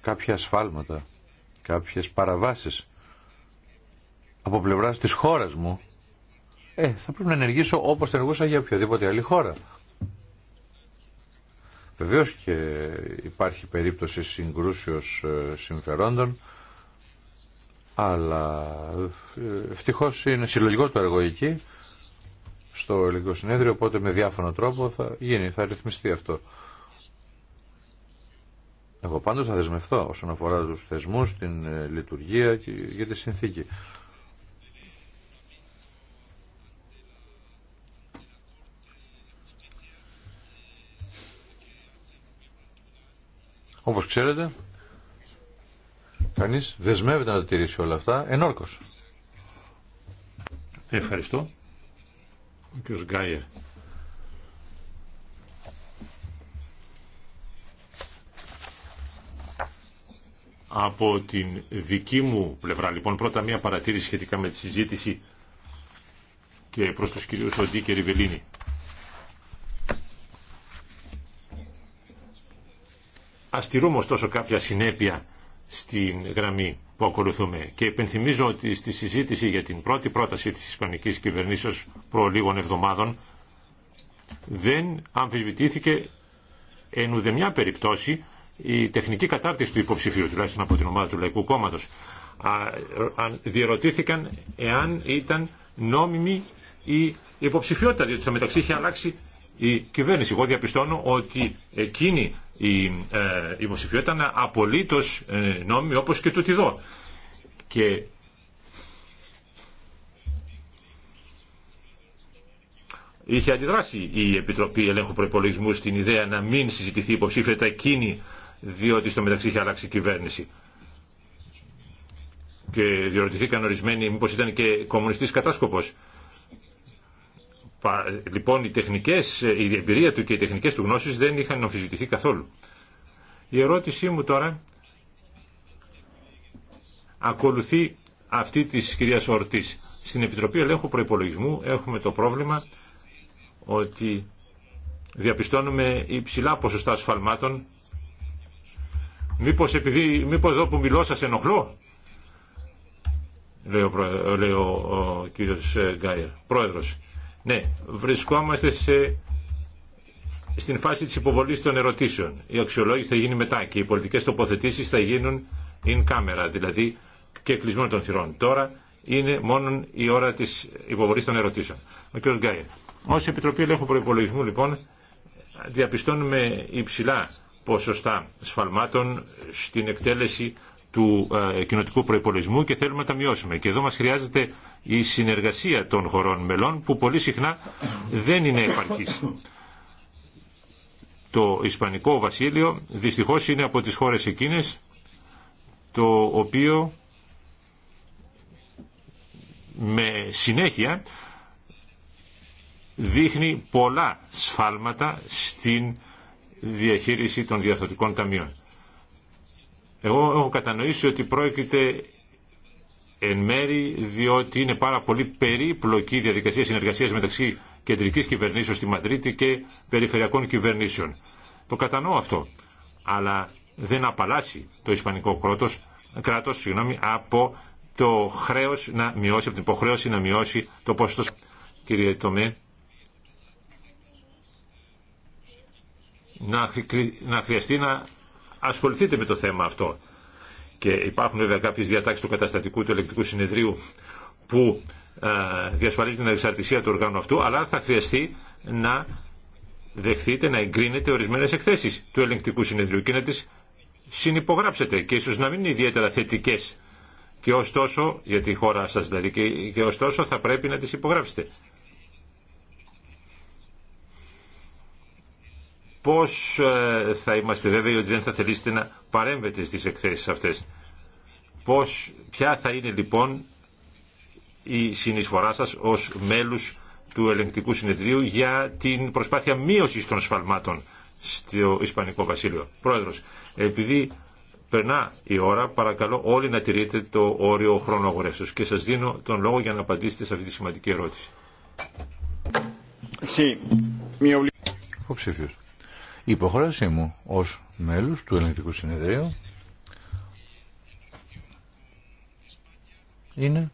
κάποια ασφάλματα, κάποιες παραβάσεις από πλευράς της χώρας μου, ε, θα πρέπει να ενεργήσω όπως θα ενεργούσα για οποιαδήποτε άλλη χώρα. Βεβαίως και υπάρχει περίπτωση συγκρούσεως ε, συμφερόντων αλλά ε, ευτυχώ είναι συλλογικό το έργο στο ελληνικό συνέδριο, οπότε με διάφορο τρόπο θα γίνει, θα ρυθμιστεί αυτό. Εγώ πάντως θα δεσμευτώ όσον αφορά τους θεσμούς, την ε, λειτουργία και τη συνθήκη. Όπως ξέρετε, κανείς δεσμεύεται να τα τηρήσει όλα αυτά ενόρκως. Ευχαριστώ. Ο κ. Γκάιερ. Από την δική μου πλευρά, λοιπόν, πρώτα μία παρατήρηση σχετικά με τη συζήτηση και προς τους κυρίους Οντί και Ριβελίνη. Ας τηρούμε ωστόσο κάποια συνέπεια στην γραμμή που ακολουθούμε. Και υπενθυμίζω ότι στη συζήτηση για την πρώτη πρόταση της Ισπανικής κυβερνήσεως προ λίγων εβδομάδων δεν αμφισβητήθηκε εν ουδεμιά περίπτωση η τεχνική κατάρτιση του υποψηφίου, τουλάχιστον από την ομάδα του Λαϊκού Κόμματος. Διερωτήθηκαν εάν ήταν νόμιμη η υποψηφιότητα, διότι στο μεταξύ είχε αλλάξει η κυβέρνηση. Εγώ διαπιστώνω ότι εκείνη η υποψηφιότητα ε, ήταν απολύτως ε, νόμιμη όπως και τούτη εδώ. Και είχε αντιδράσει η Επιτροπή Ελέγχου Προπολογισμού στην ιδέα να μην συζητηθεί τα εκείνη διότι στο μεταξύ είχε αλλάξει η κυβέρνηση. Και διορτηθήκαν ορισμένοι μήπως ήταν και κομμουνιστής κατάσκοπος. Λοιπόν, οι τεχνικές, η εμπειρία του και οι τεχνικές του γνώσεις δεν είχαν αμφισβητηθεί καθόλου. Η ερώτησή μου τώρα ακολουθεί αυτή της κυρίας Ορτής. Στην Επιτροπή Ελέγχου Προϋπολογισμού έχουμε το πρόβλημα ότι διαπιστώνουμε υψηλά ποσοστά ασφαλμάτων. Μήπως, επειδή, μήπως εδώ που μιλώ σας ενοχλώ, λέει ο, λέει ο κύριος Γκάιερ, πρόεδρος. Ναι, βρισκόμαστε σε... στην φάση της υποβολής των ερωτήσεων. Η αξιολόγηση θα γίνει μετά και οι πολιτικές τοποθετήσεις θα γίνουν in camera, δηλαδή και κλεισμένο των θυρών. Τώρα είναι μόνο η ώρα της υποβολής των ερωτήσεων. Ο κ. Γκάιερ. Ως Επιτροπή Ελέγχου Προϋπολογισμού, λοιπόν, διαπιστώνουμε υψηλά ποσοστά σφαλμάτων στην εκτέλεση του ε, κοινοτικού προπολογισμού και θέλουμε να τα μειώσουμε. Και εδώ μας χρειάζεται η συνεργασία των χωρών μελών που πολύ συχνά δεν είναι επαρκής. Το Ισπανικό Βασίλειο δυστυχώς είναι από τις χώρες εκείνες το οποίο με συνέχεια δείχνει πολλά σφάλματα στην διαχείριση των διαθωτικών ταμείων. Εγώ έχω κατανοήσει ότι πρόκειται εν μέρη διότι είναι πάρα πολύ περίπλοκη διαδικασία συνεργασίας μεταξύ κεντρικής κυβερνήσεως στη Μαδρίτη και περιφερειακών κυβερνήσεων. Το κατανοώ αυτό, αλλά δεν απαλλάσσει το Ισπανικό κράτος, κράτος συγγνώμη, από το χρέος να μειώσει, από την υποχρέωση να μειώσει το ποσοστό. Κύριε Τομέ, να χρειαστεί να ασχοληθείτε με το θέμα αυτό. Και υπάρχουν βέβαια κάποιες διατάξεις του καταστατικού του ελεκτικού συνεδρίου που ε, διασφαλίζουν την εξαρτησία του οργάνου αυτού, αλλά θα χρειαστεί να δεχθείτε να εγκρίνετε ορισμένες εκθέσεις του ελεγκτικού συνεδρίου και να τις συνυπογράψετε και ίσως να μην είναι ιδιαίτερα θετικές και ωστόσο, για τη χώρα σας δηλαδή, και, ωστόσο θα πρέπει να τις υπογράψετε. πώς ε, θα είμαστε βέβαιοι ότι δεν θα θελήσετε να παρέμβετε στις εκθέσεις αυτές. ποια θα είναι λοιπόν η συνεισφορά σας ως μέλους του ελεγκτικού συνεδρίου για την προσπάθεια μείωσης των σφαλμάτων στο Ισπανικό Βασίλειο. Πρόεδρος, επειδή περνά η ώρα, παρακαλώ όλοι να τηρείτε το όριο χρόνο αγορεύσεως και σας δίνω τον λόγο για να απαντήσετε σε αυτή τη σημαντική ερώτηση. Η υποχρέωσή μου ως μέλους του Ελληνικού Συνεδρίου είναι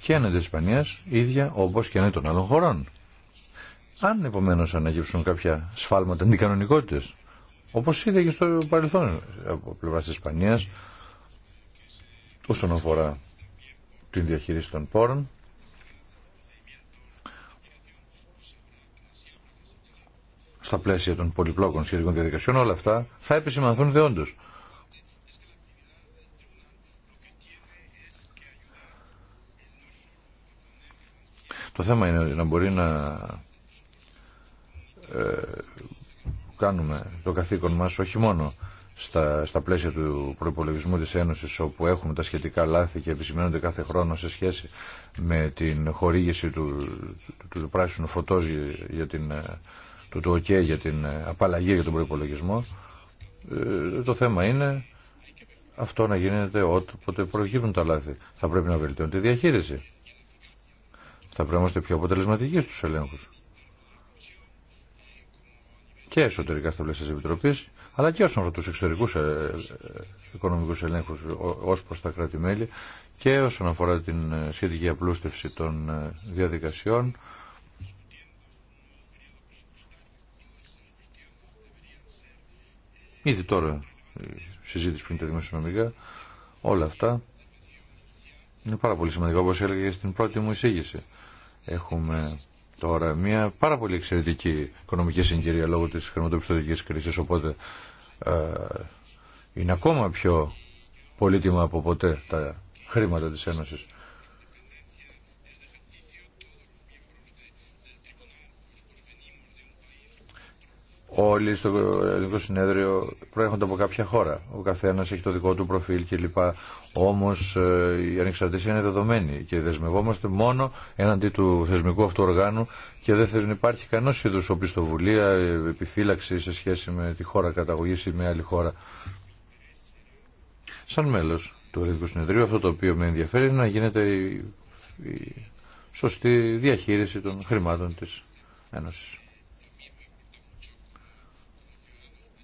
και έναν της Ισπανίας ίδια όπως και έναν των άλλων χωρών. Αν επομένως αναγύψουν κάποια σφάλματα αντικανονικότητες, όπως είδα και στο παρελθόν από πλευράς της Ισπανίας, όσον αφορά την διαχείριση των πόρων, στα πλαίσια των πολυπλόκων σχετικών διαδικασιών. Όλα αυτά θα επισημανθούν διόντως. Το θέμα είναι να μπορεί να ε, κάνουμε το καθήκον μας όχι μόνο στα, στα πλαίσια του προπολογισμού της Ένωσης όπου έχουμε τα σχετικά λάθη και επισημαίνονται κάθε χρόνο σε σχέση με την χορήγηση του, του, του πράσινου φωτός για την ε, του το ok για την ε, απαλλαγή για τον προπολογισμό. Ε, το θέμα είναι αυτό να γίνεται όποτε προκύπτουν τα λάθη. Θα πρέπει να βελτιώνει τη διαχείριση. Θα πρέπει να είμαστε πιο αποτελεσματικοί στους ελέγχους. Και εσωτερικά στα πλαίσια της Επιτροπής, αλλά και όσον αφορά τους εξωτερικούς ε, οικονομικούς ελέγχους ως προς τα κράτη-μέλη και όσον αφορά την σχετική απλούστευση των διαδικασιών Ήδη τώρα η συζήτηση που είναι τα δημοσιονομικά, όλα αυτά είναι πάρα πολύ σημαντικά όπως έλεγε και στην πρώτη μου εισήγηση. Έχουμε τώρα μια πάρα πολύ εξαιρετική οικονομική συγκυρία λόγω της χρηματοπιστωτικής κρίσης οπότε ε, είναι ακόμα πιο πολύτιμα από ποτέ τα χρήματα της Ένωσης. όλοι στο Ελληνικό Συνέδριο προέρχονται από κάποια χώρα. Ο καθένα έχει το δικό του προφίλ κλπ. Όμω ε, η ανεξαρτησία είναι δεδομένη και δεσμευόμαστε μόνο έναντι του θεσμικού αυτού οργάνου και δεν υπάρχει κανένα είδου οπισθοβουλία, επιφύλαξη σε σχέση με τη χώρα καταγωγή ή με άλλη χώρα. Σαν μέλο του Ελληνικού Συνεδρίου, αυτό το οποίο με ενδιαφέρει είναι να γίνεται η σωστή διαχείριση των χρημάτων τη Ένωση.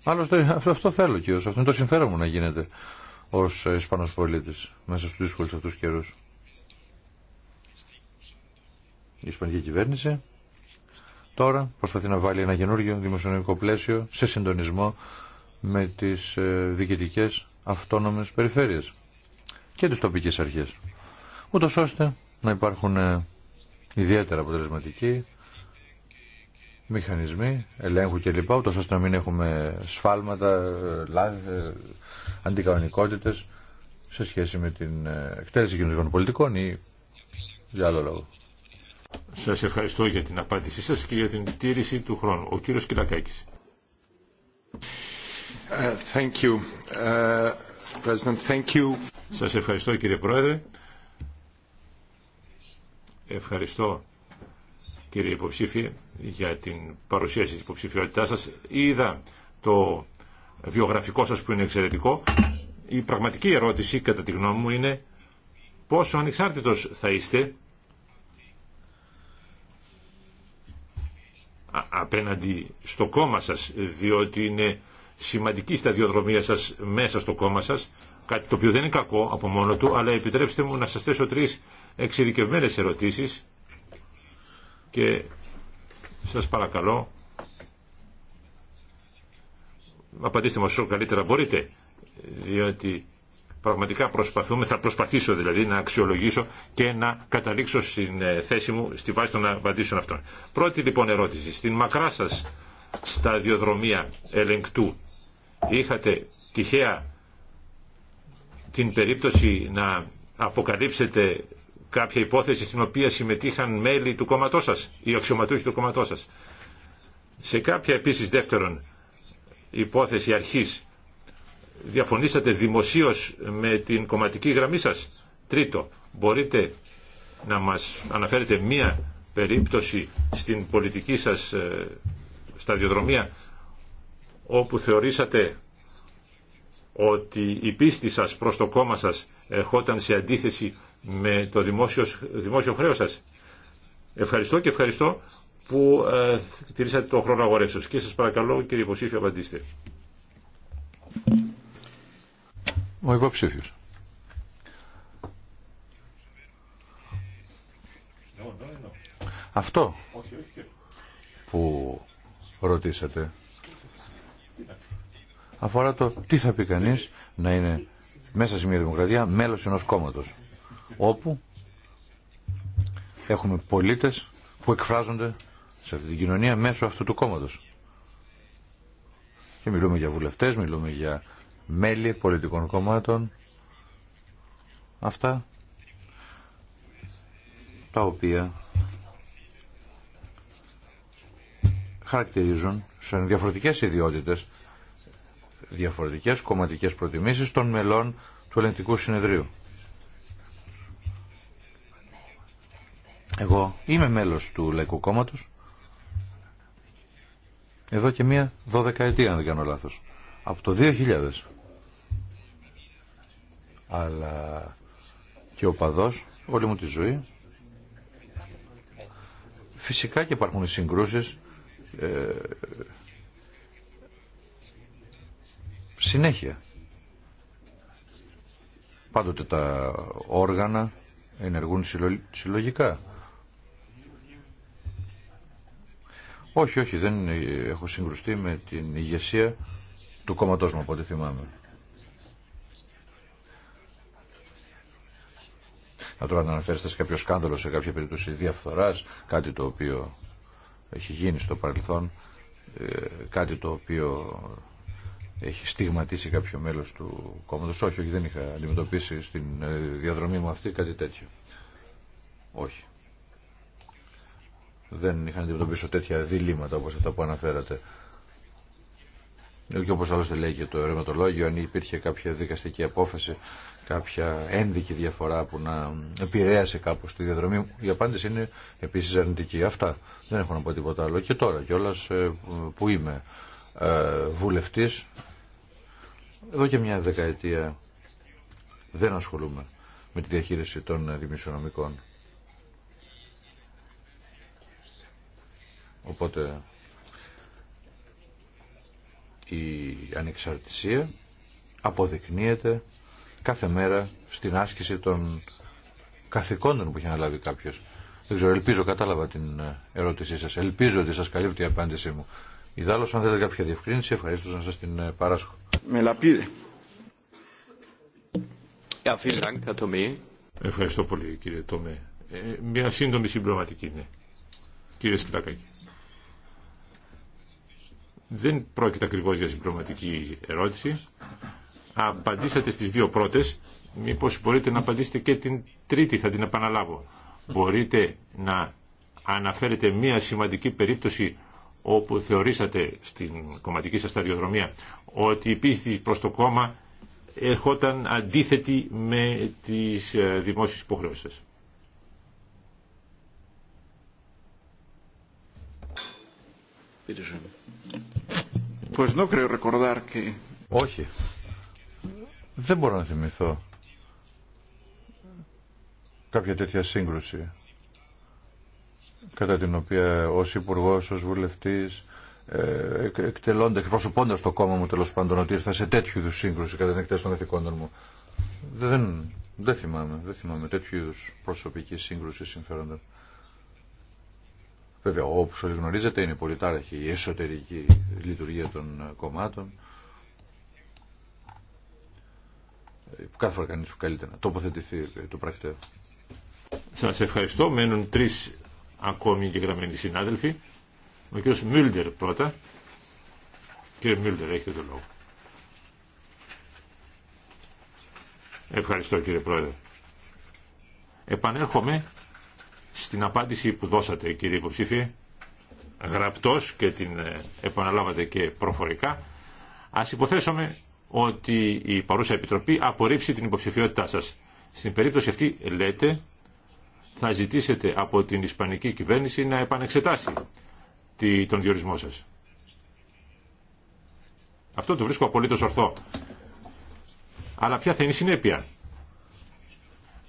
Άλλωστε αυτό, αυτό θέλω και αυτό είναι το συμφέρον μου να γίνεται ως ισπανό πολιτή μέσα στου δύσκολου αυτού τους Η Ισπανική κυβέρνηση τώρα προσπαθεί να βάλει ένα καινούργιο δημοσιονομικό πλαίσιο σε συντονισμό με τις ε, διοικητικέ αυτόνομες περιφέρειες και τι τοπικές αρχές. Ούτω ώστε να υπάρχουν ε, ιδιαίτερα αποτελεσματικοί μηχανισμοί ελέγχου κλπ. Ούτως ώστε να μην έχουμε σφάλματα, ε, λάθη ε, αντικανονικότητες σε σχέση με την ε, εκτέλεση κοινωνικών πολιτικών ή για άλλο λόγο. Σας ευχαριστώ για την απάντησή σας και για την τήρηση του χρόνου. Ο κύριος Κυρακάκης. Thank you. Σας ευχαριστώ κύριε Πρόεδρε. Ευχαριστώ κύριε υποψήφιε, για την παρουσίαση της υποψηφιότητάς σας. Είδα το βιογραφικό σας που είναι εξαιρετικό. Η πραγματική ερώτηση, κατά τη γνώμη μου, είναι πόσο ανεξάρτητος θα είστε απέναντι στο κόμμα σας, διότι είναι σημαντική σταδιοδρομία σας μέσα στο κόμμα σας, κάτι το οποίο δεν είναι κακό από μόνο του, αλλά επιτρέψτε μου να σας θέσω τρεις εξειδικευμένες ερωτήσεις και σας παρακαλώ απαντήστε μας όσο καλύτερα μπορείτε διότι πραγματικά προσπαθούμε, θα προσπαθήσω δηλαδή να αξιολογήσω και να καταλήξω στην ε, θέση μου στη βάση των απαντήσεων αυτών. Πρώτη λοιπόν ερώτηση, στην μακρά σας σταδιοδρομία ελεγκτού είχατε τυχαία την περίπτωση να αποκαλύψετε κάποια υπόθεση στην οποία συμμετείχαν μέλη του κόμματός σας ή αξιωματούχοι του κόμματός σας. Σε κάποια επίσης δεύτερον υπόθεση αρχής διαφωνήσατε δημοσίως με την κομματική γραμμή σας. Τρίτο, μπορείτε να μας αναφέρετε μία περίπτωση στην πολιτική σας ε, σταδιοδρομία όπου θεωρήσατε ότι η πίστη σας προς το κόμμα σας ερχόταν σε αντίθεση με το δημόσιο, δημόσιο χρέος σας. Ευχαριστώ και ευχαριστώ που ε, τηρήσατε το χρόνο αγορέσεως. Και σας παρακαλώ κύριε υποψήφιο απαντήστε. Ο υποψήφιος. Αυτό που ρωτήσατε αφορά το τι θα πει κανείς να είναι μέσα σε μια δημοκρατία μέλος ενός κόμματος όπου έχουμε πολίτες που εκφράζονται σε αυτή την κοινωνία μέσω αυτού του κόμματος. Και μιλούμε για βουλευτές, μιλούμε για μέλη πολιτικών κομμάτων. Αυτά τα οποία χαρακτηρίζουν σε διαφορετικές ιδιότητες διαφορετικές κομματικές προτιμήσεις των μελών του Ελληνικού συνεδρίου. Εγώ είμαι μέλος του Λαϊκού Κόμματος εδώ και μία δωδεκαετία, αν δεν κάνω λάθος. Από το 2000. Αλλά και ο παδός, όλη μου τη ζωή. Φυσικά και υπάρχουν συγκρούσεις. Ε, συνέχεια. Πάντοτε τα όργανα ενεργούν συλλογικά. Όχι, όχι, δεν έχω συγκρουστεί με την ηγεσία του κόμματός μου, από ό,τι θυμάμαι. Να τώρα να αναφέρεστε σε κάποιο σκάνδαλο, σε κάποια περίπτωση διαφθοράς, κάτι το οποίο έχει γίνει στο παρελθόν, ε, κάτι το οποίο έχει στιγματίσει κάποιο μέλος του κόμματος. Όχι, όχι, δεν είχα αντιμετωπίσει στην ε, διαδρομή μου αυτή κάτι τέτοιο. Όχι δεν είχαν αντιμετωπίσει τέτοια διλήμματα όπως αυτά που αναφέρατε. Και όπως άλλωστε λέει και το ερωματολόγιο, αν υπήρχε κάποια δικαστική απόφαση, κάποια ένδικη διαφορά που να επηρέασε κάπως τη διαδρομή, η απάντηση είναι επίσης αρνητική. Αυτά δεν έχω να πω τίποτα άλλο. Και τώρα κιόλα ε, που είμαι ε, βουλευτής, εδώ και μια δεκαετία δεν ασχολούμαι με τη διαχείριση των δημοσιονομικών. Οπότε η ανεξαρτησία αποδεικνύεται κάθε μέρα στην άσκηση των καθηκόντων που έχει αναλάβει κάποιος. Δεν ξέρω, ελπίζω, κατάλαβα την ε, ερώτησή σας. Ελπίζω ότι σας καλύπτει η απάντησή μου. Ιδάλλως, αν θέλετε κάποια διευκρίνηση, ευχαρίστω να σας την ε, παράσχω. Με Ευχαριστώ πολύ κύριε Τόμέ. Ε, μια σύντομη συμπληρωματική είναι. Κύριε Σκυλακάκη. Δεν πρόκειται ακριβώ για συμπληρωματική ερώτηση. Απαντήσατε στις δύο πρώτες. Μήπως μπορείτε να απαντήσετε και την τρίτη, θα την επαναλάβω. Μπορείτε να αναφέρετε μία σημαντική περίπτωση όπου θεωρήσατε στην κομματική σας σταδιοδρομία ότι η πίστη προς το κόμμα ερχόταν αντίθετη με τις ε, δημόσιες υποχρεώσεις σας. Όχι. Δεν μπορώ να θυμηθώ κάποια τέτοια σύγκρουση κατά την οποία ως υπουργό, ως βουλευτής ε, και εκπροσωπώντας το κόμμα μου τέλος πάντων ότι ήρθα σε τέτοιου είδους σύγκρουση κατά την εκτέλεση των καθηκόντων μου. Δεν, θυμάμαι, δεν θυμάμαι τέτοιου είδους προσωπική σύγκρουση συμφέροντα. Βέβαια, όπως όλοι γνωρίζετε, είναι πολύ τάραχη η εσωτερική λειτουργία των κομμάτων. Κάθε φορά κανείς καλύτερα να τοποθετηθεί το πρακτέο. Σας ευχαριστώ. Μένουν τρεις ακόμη γραμμένοι συνάδελφοι. Ο κ. Μιλντερ πρώτα. Κύριε Μιλντερ έχετε το λόγο. Ευχαριστώ κύριε Πρόεδρε. Επανέρχομαι στην απάντηση που δώσατε κύριε υποψήφιε γραπτός και την ε, επαναλάβατε και προφορικά ας υποθέσουμε ότι η παρούσα επιτροπή απορρίψει την υποψηφιότητά σας. Στην περίπτωση αυτή λέτε θα ζητήσετε από την Ισπανική κυβέρνηση να επανεξετάσει τον διορισμό σας. Αυτό το βρίσκω απολύτως ορθό. Αλλά ποια θα είναι η συνέπεια.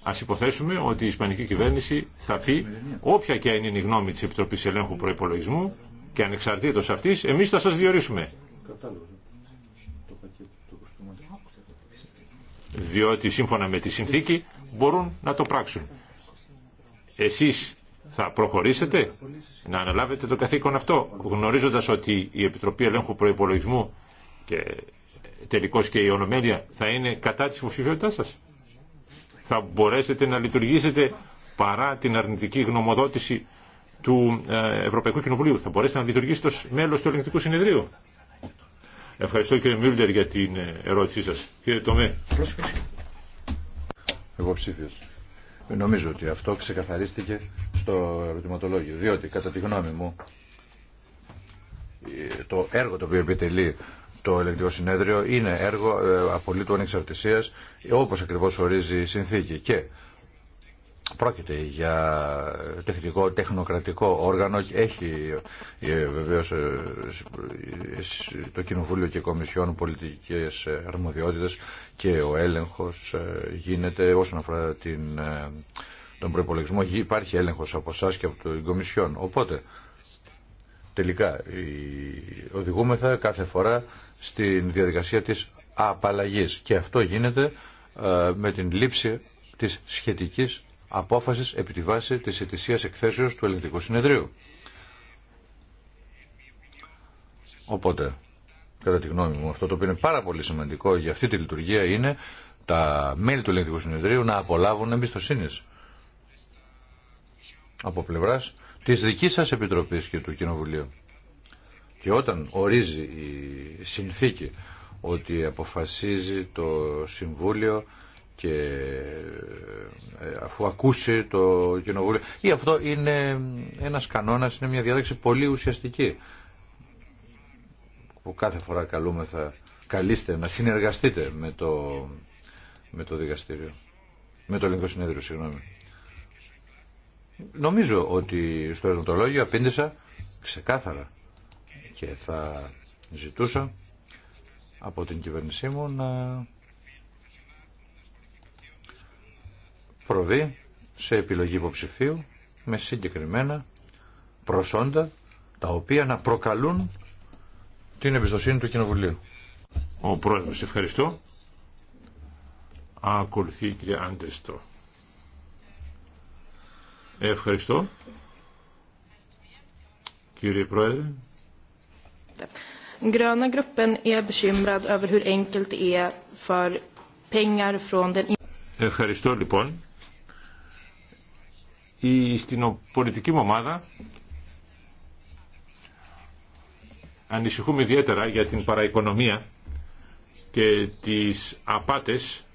Α υποθέσουμε ότι η Ισπανική κυβέρνηση θα πει όποια και αν είναι η γνώμη τη επιτροπή Ελέγχου προπολογισμού και ανεξαρτήτως αυτή, εμείς θα σα διορίσουμε. Διότι σύμφωνα με τη συνθήκη μπορούν να το πράξουν. Εσείς θα προχωρήσετε να αναλάβετε το καθήκον αυτό, γνωρίζοντας ότι η Επιτροπή Ελέγχου Προπολογισμού και τελικώ και η Ολομέλεια θα είναι κατά τη υποψηφιότητά σα θα μπορέσετε να λειτουργήσετε παρά την αρνητική γνωμοδότηση του ε, Ευρωπαϊκού Κοινοβουλίου. Θα μπορέσετε να λειτουργήσετε ως μέλος του Ελληνικού Συνεδρίου. Ευχαριστώ κύριε Μιούλτερ για την ε, ερώτησή σας. Κύριε Τομέ. Εγώ ψήφιος. Νομίζω ότι αυτό ξεκαθαρίστηκε στο ερωτηματολόγιο, διότι κατά τη γνώμη μου ε, το έργο το οποίο επιτελεί το ελεκτικό συνέδριο είναι έργο ε, απολύτου ανεξαρτησία, όπως ακριβώς ορίζει η συνθήκη και Πρόκειται για τεχνικό, τεχνοκρατικό όργανο. Έχει ε, βεβαίω ε, το Κοινοβούλιο και η Κομισιόν πολιτικέ αρμοδιότητε και ο έλεγχο γίνεται όσον αφορά την, τον προπολογισμό. Υπάρχει έλεγχο από εσά και από την Κομισιόν. Οπότε τελικά οδηγούμεθα κάθε φορά στην διαδικασία της απαλλαγής και αυτό γίνεται ε, με την λήψη της σχετικής απόφασης επί τη βάση της ετησίας εκθέσεως του Ελληνικού Συνεδρίου. Οπότε, κατά τη γνώμη μου, αυτό το οποίο είναι πάρα πολύ σημαντικό για αυτή τη λειτουργία είναι τα μέλη του Ελληνικού Συνεδρίου να απολάβουν εμπιστοσύνη από πλευράς της δικής σας Επιτροπής και του Κοινοβουλίου. Και όταν ορίζει η συνθήκη ότι αποφασίζει το Συμβούλιο και ε, αφού ακούσει το Κοινοβούλιο ή αυτό είναι ένας κανόνας, είναι μια διάταξη πολύ ουσιαστική που κάθε φορά θα καλείστε να συνεργαστείτε με το, με το δικαστήριο, με το ελληνικό συνέδριο, συγγνώμη. Νομίζω ότι στο ερωτολόγιο απήντησα ξεκάθαρα και θα ζητούσα από την κυβέρνησή μου να προβεί σε επιλογή υποψηφίου με συγκεκριμένα προσόντα τα οποία να προκαλούν την εμπιστοσύνη του Κοινοβουλίου. Ο Πρόεδρος, ευχαριστώ. Ακολουθεί και αντεστώ. Ευχαριστώ. Κύριε Πρόεδρε. Γκρόνα γκρουπεν είναι bekymrad över hur enkelt det är för pengar från den... Ευχαριστώ λοιπόν. Η στην πολιτική μου ομάδα ανησυχούμε ιδιαίτερα για την παραοικονομία και τις απάτες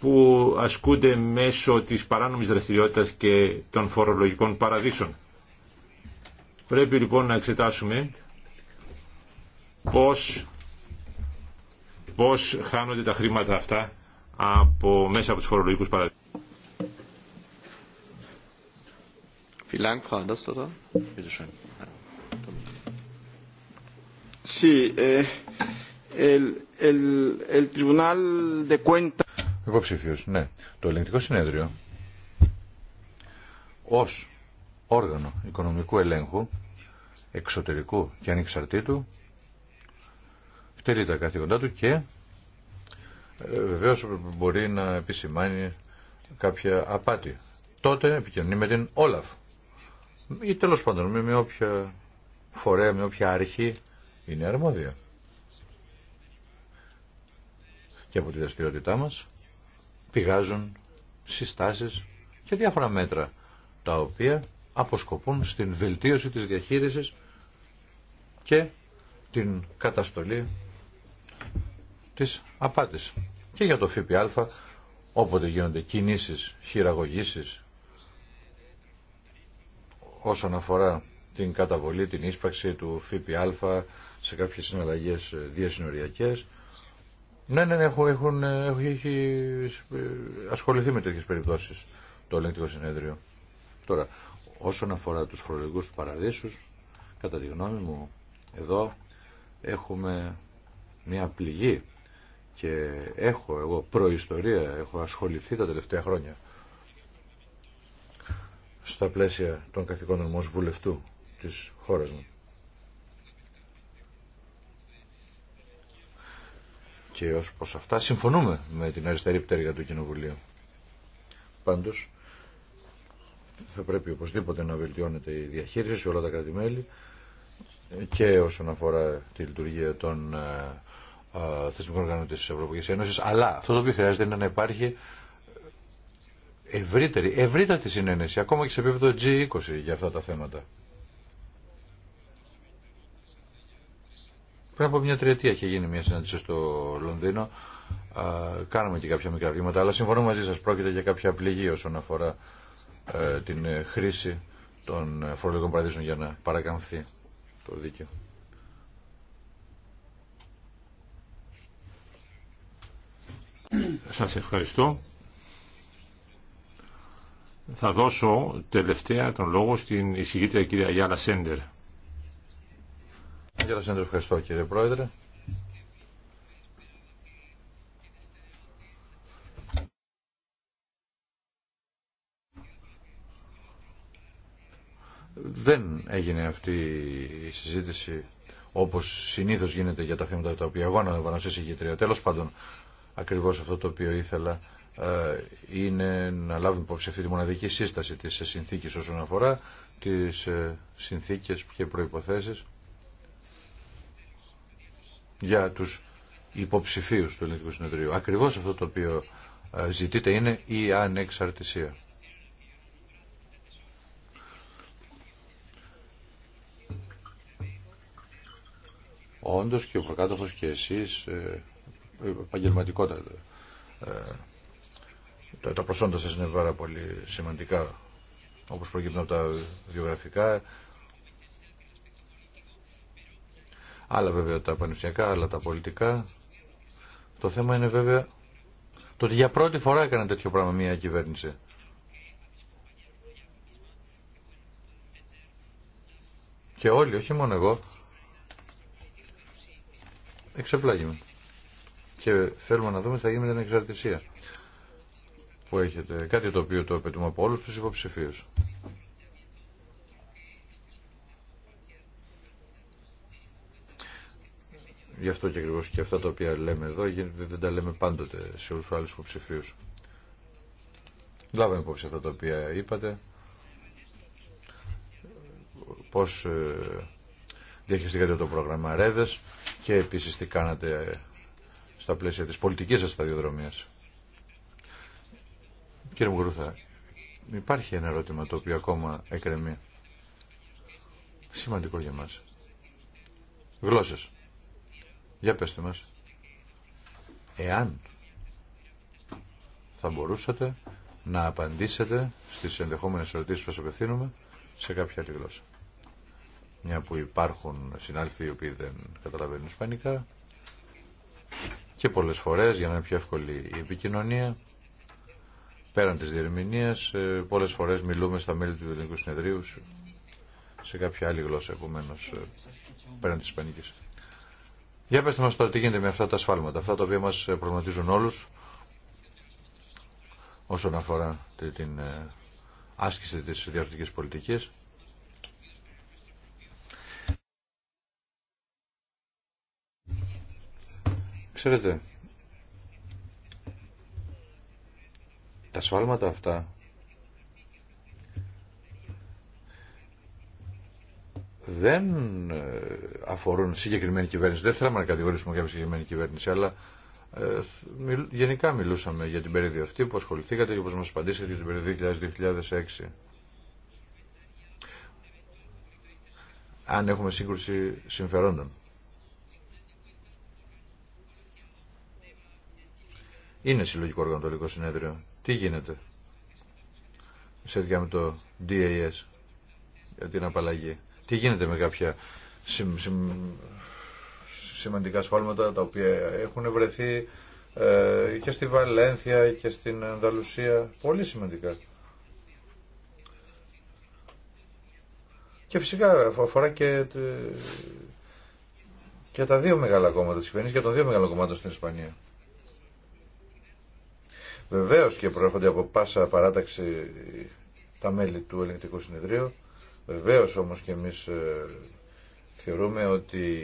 που ασκούνται μέσω της παράνομης δραστηριότητας και των φορολογικών παραδείσων. Πρέπει λοιπόν να εξετάσουμε πώς, πώς χάνονται τα χρήματα αυτά από, μέσα από τους φορολογικούς παραδείσους. Sí, eh, el, el, el Tribunal de Cuentas Υποψήφιο, ναι. Το ελεγκτικό συνέδριο ως όργανο οικονομικού ελέγχου εξωτερικού και ανεξαρτήτου εκτελεί τα καθήκοντά του και ε, βεβαίω μπορεί να επισημάνει κάποια απάτη. Τότε επικοινωνεί με την Όλαφ ή τέλος πάντων με, όποια φορέα, με όποια αρχή είναι αρμόδια. Και από τη δραστηριότητά μας πηγάζουν συστάσεις και διάφορα μέτρα τα οποία αποσκοπούν στην βελτίωση της διαχείρισης και την καταστολή της απάτης. Και για το ΦΠΑ, όποτε γίνονται κινήσεις, χειραγωγήσεις, όσον αφορά την καταβολή, την ίσπραξη του ΦΠΑ σε κάποιες συναλλαγές διασυνοριακές, ναι, ναι, ναι έχουν, ε, έχει ε, ασχοληθεί με τέτοιε περιπτώσεις το ελεγκτικό συνέδριο. Τώρα, όσον αφορά τους του παραδείσους, κατά τη γνώμη μου, εδώ έχουμε μια πληγή και έχω εγώ προϊστορία, έχω ασχοληθεί τα τελευταία χρόνια στα πλαίσια των καθηκόντων μου ως βουλευτού της χώρας μου. και ως προς αυτά συμφωνούμε με την αριστερή πτέρυγα του Κοινοβουλίου. Πάντως, θα πρέπει οπωσδήποτε να βελτιώνεται η διαχείριση σε όλα τα κρατημέλη και όσον αφορά τη λειτουργία των ε, ε, θεσμικών οργανών της Ευρωπαϊκής Ένωσης, αλλά αυτό το οποίο χρειάζεται είναι να υπάρχει ευρύτερη, ευρύτατη συνένεση, ακόμα και σε επίπεδο G20 για αυτά τα θέματα. Πριν από μια τριετία είχε γίνει μια συνάντηση στο Λονδίνο. Κάναμε και κάποια μικρά βήματα, αλλά συμφωνώ μαζί σα πρόκειται για κάποια πληγή όσον αφορά ε, την ε, χρήση των ε, φορολογικών παραδείσων για να παρακαμφθεί το δίκαιο. Σας ευχαριστώ. Θα δώσω τελευταία τον λόγο στην εισηγήτρια κυρία Γιάλα Σέντερ. Κύριε Σέντρο, ευχαριστώ κύριε Πρόεδρε. Δεν έγινε αυτή η συζήτηση όπως συνήθως γίνεται για τα θέματα τα οποία εγώ αναλαμβάνω σε Τέλος πάντων, ακριβώς αυτό το οποίο ήθελα ε, είναι να λάβουμε υπόψη αυτή τη μοναδική σύσταση της συνθήκης όσον αφορά τις ε, συνθήκες και προϋποθέσεις για τους υποψηφίους του Ελληνικού Συνεδρίου. Ακριβώς αυτό το οποίο ε, ζητείτε είναι η ανεξαρτησία. Όντως και ο Προκάτοχος και εσείς ε, επαγγελματικότατα ε, τα προσόντα σας είναι πάρα πολύ σημαντικά όπως προκύπτουν από τα βιογραφικά άλλα βέβαια τα πανεπιστημιακά, άλλα τα πολιτικά. Το θέμα είναι βέβαια το ότι για πρώτη φορά έκανε τέτοιο πράγμα μια κυβέρνηση. Και όλοι, όχι μόνο εγώ, εξεπλάγιμε. Και θέλουμε να δούμε τι θα γίνει με την εξαρτησία που έχετε. Κάτι το οποίο το απαιτούμε από όλους τους υποψηφίους. Γι' αυτό και ακριβώ και αυτά τα οποία λέμε εδώ δεν τα λέμε πάντοτε σε όλου του άλλου υποψηφίου. Λάβαμε υπόψη αυτά τα οποία είπατε. Πώ ε, διαχειριστήκατε το πρόγραμμα Ρέδε και επίση τι κάνατε ε, στα πλαίσια τη πολιτική σα σταδιοδρομία. Κύριε Μουγκρούθα, υπάρχει ένα ερώτημα το οποίο ακόμα εκρεμεί. Σημαντικό για μας. Γλώσσες. Για πέστε μας, εάν θα μπορούσατε να απαντήσετε στις ενδεχόμενες ερωτήσεις που σας απευθύνουμε σε κάποια άλλη γλώσσα. Μια που υπάρχουν συνάλφοι οι οποίοι δεν καταλαβαίνουν ισπανικά και πολλές φορές για να είναι πιο εύκολη η επικοινωνία πέραν της διερμηνίας ε, πολλές φορές μιλούμε στα μέλη του Ελληνικού Συνεδρίου σε κάποια άλλη γλώσσα επομένως ε, πέραν της ισπανικής. Για πετε μας τώρα τι γίνεται με αυτά τα σφάλματα, αυτά τα οποία μας ε, προγραμματίζουν όλους όσον αφορά την ε, άσκηση της διαρκή πολιτικής. Ξέρετε, τα σφάλματα αυτά δεν ε, αφορούν συγκεκριμένη κυβέρνηση. Δεν θέλαμε να κατηγορήσουμε κάποια συγκεκριμένη κυβέρνηση, αλλά ε, γενικά μιλούσαμε για την περίοδο αυτή που ασχοληθήκατε και πώς μας απαντήσατε για την περίοδο 2000-2006. Αν έχουμε σύγκρουση συμφερόντων. Είναι συλλογικό όργανο το Συνέδριο. Τι γίνεται σε με το DAS για την απαλλαγή τι γίνεται με κάποια σημαντικά σφάλματα τα οποία έχουν βρεθεί ε, και στη Βαλένθια και στην Ανταλουσία. Πολύ σημαντικά. Και φυσικά αφορά και, και τα δύο μεγάλα κόμματα της κυβέρνησης και των δύο μεγάλων κομμάτων στην Ισπανία. Βεβαίως και προέρχονται από πάσα παράταξη τα μέλη του ελληνικού συνεδρίου Βεβαίως όμως και εμείς ε, θεωρούμε ότι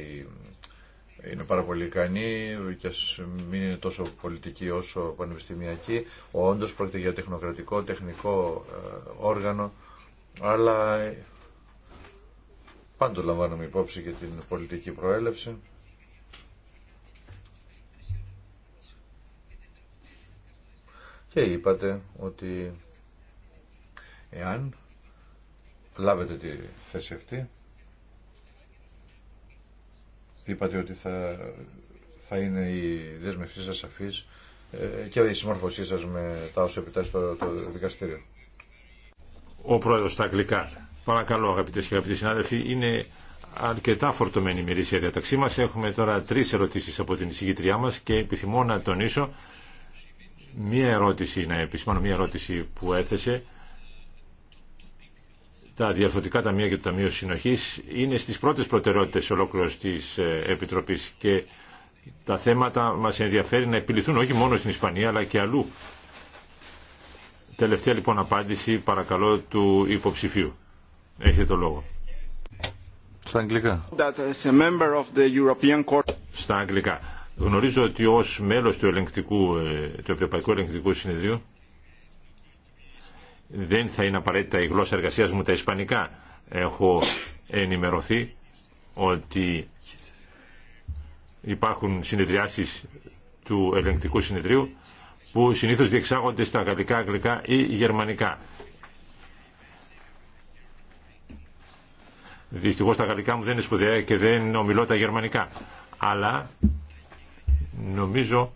είναι πάρα πολύ ικανή και ας μην είναι τόσο πολιτική όσο πανεπιστημιακή. Όντω πρόκειται για τεχνοκρατικό, τεχνικό ε, όργανο, αλλά πάντοτε λαμβάνουμε υπόψη και την πολιτική προέλευση. Και είπατε ότι εάν λάβετε τη θέση αυτή. Είπατε ότι θα, θα είναι η δέσμευσή σας σαφής ε, και η συμμορφωσή σας με τα όσα επιτάσσει το, το δικαστήριο. Ο πρόεδρος στα αγγλικά. Παρακαλώ αγαπητές και αγαπητοί συνάδελφοι, είναι αρκετά φορτωμένη η μυρίσια διαταξή μας. Έχουμε τώρα τρεις ερωτήσεις από την εισηγητριά μας και επιθυμώ να τονίσω μία ερώτηση, να επισημάνω μία ερώτηση που έθεσε τα διαρθωτικά ταμεία και το Ταμείο Συνοχής είναι στις πρώτες προτεραιότητες ολόκληρως της ε, Επιτροπής και τα θέματα μας ενδιαφέρει να επιληθούν όχι μόνο στην Ισπανία αλλά και αλλού. Τελευταία λοιπόν απάντηση παρακαλώ του υποψηφίου. Έχετε το λόγο. Στα αγγλικά. Στα αγγλικά. Γνωρίζω ότι ως μέλος του, ελεγκτικού, ε, του Ευρωπαϊκού Ελεγκτικού Συνεδρίου δεν θα είναι απαραίτητα η γλώσσα εργασία μου τα ισπανικά. Έχω ενημερωθεί ότι υπάρχουν συνεδριάσεις του ελεγκτικού συνεδρίου που συνήθως διεξάγονται στα γαλλικά, αγγλικά ή γερμανικά. Δυστυχώς τα γαλλικά μου δεν είναι σπουδαία και δεν ομιλώ τα γερμανικά. Αλλά νομίζω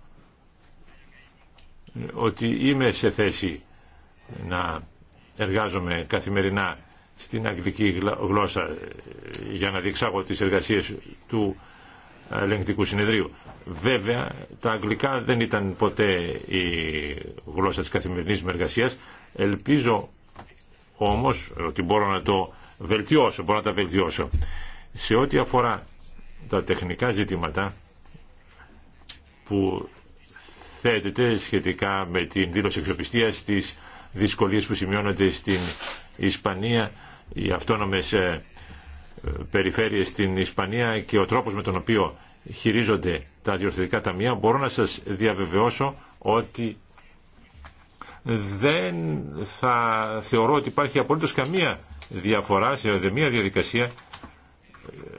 ότι είμαι σε θέση να εργάζομαι καθημερινά στην αγγλική γλώσσα ε, για να διεξάγω τις εργασίες του ελεγκτικού συνεδρίου. Βέβαια, τα αγγλικά δεν ήταν ποτέ η γλώσσα της καθημερινής μου εργασίας. Ελπίζω όμως ότι μπορώ να το βελτιώσω, μπορώ να τα βελτιώσω. Σε ό,τι αφορά τα τεχνικά ζητήματα που θέτεται σχετικά με την δήλωση εξοπιστίας, της δυσκολίες που σημειώνονται στην Ισπανία, οι αυτόνομες ε, περιφέρειες στην Ισπανία και ο τρόπος με τον οποίο χειρίζονται τα διορθωτικά ταμεία, μπορώ να σας διαβεβαιώσω ότι δεν θα θεωρώ ότι υπάρχει απολύτως καμία διαφορά σε μία διαδικασία ε,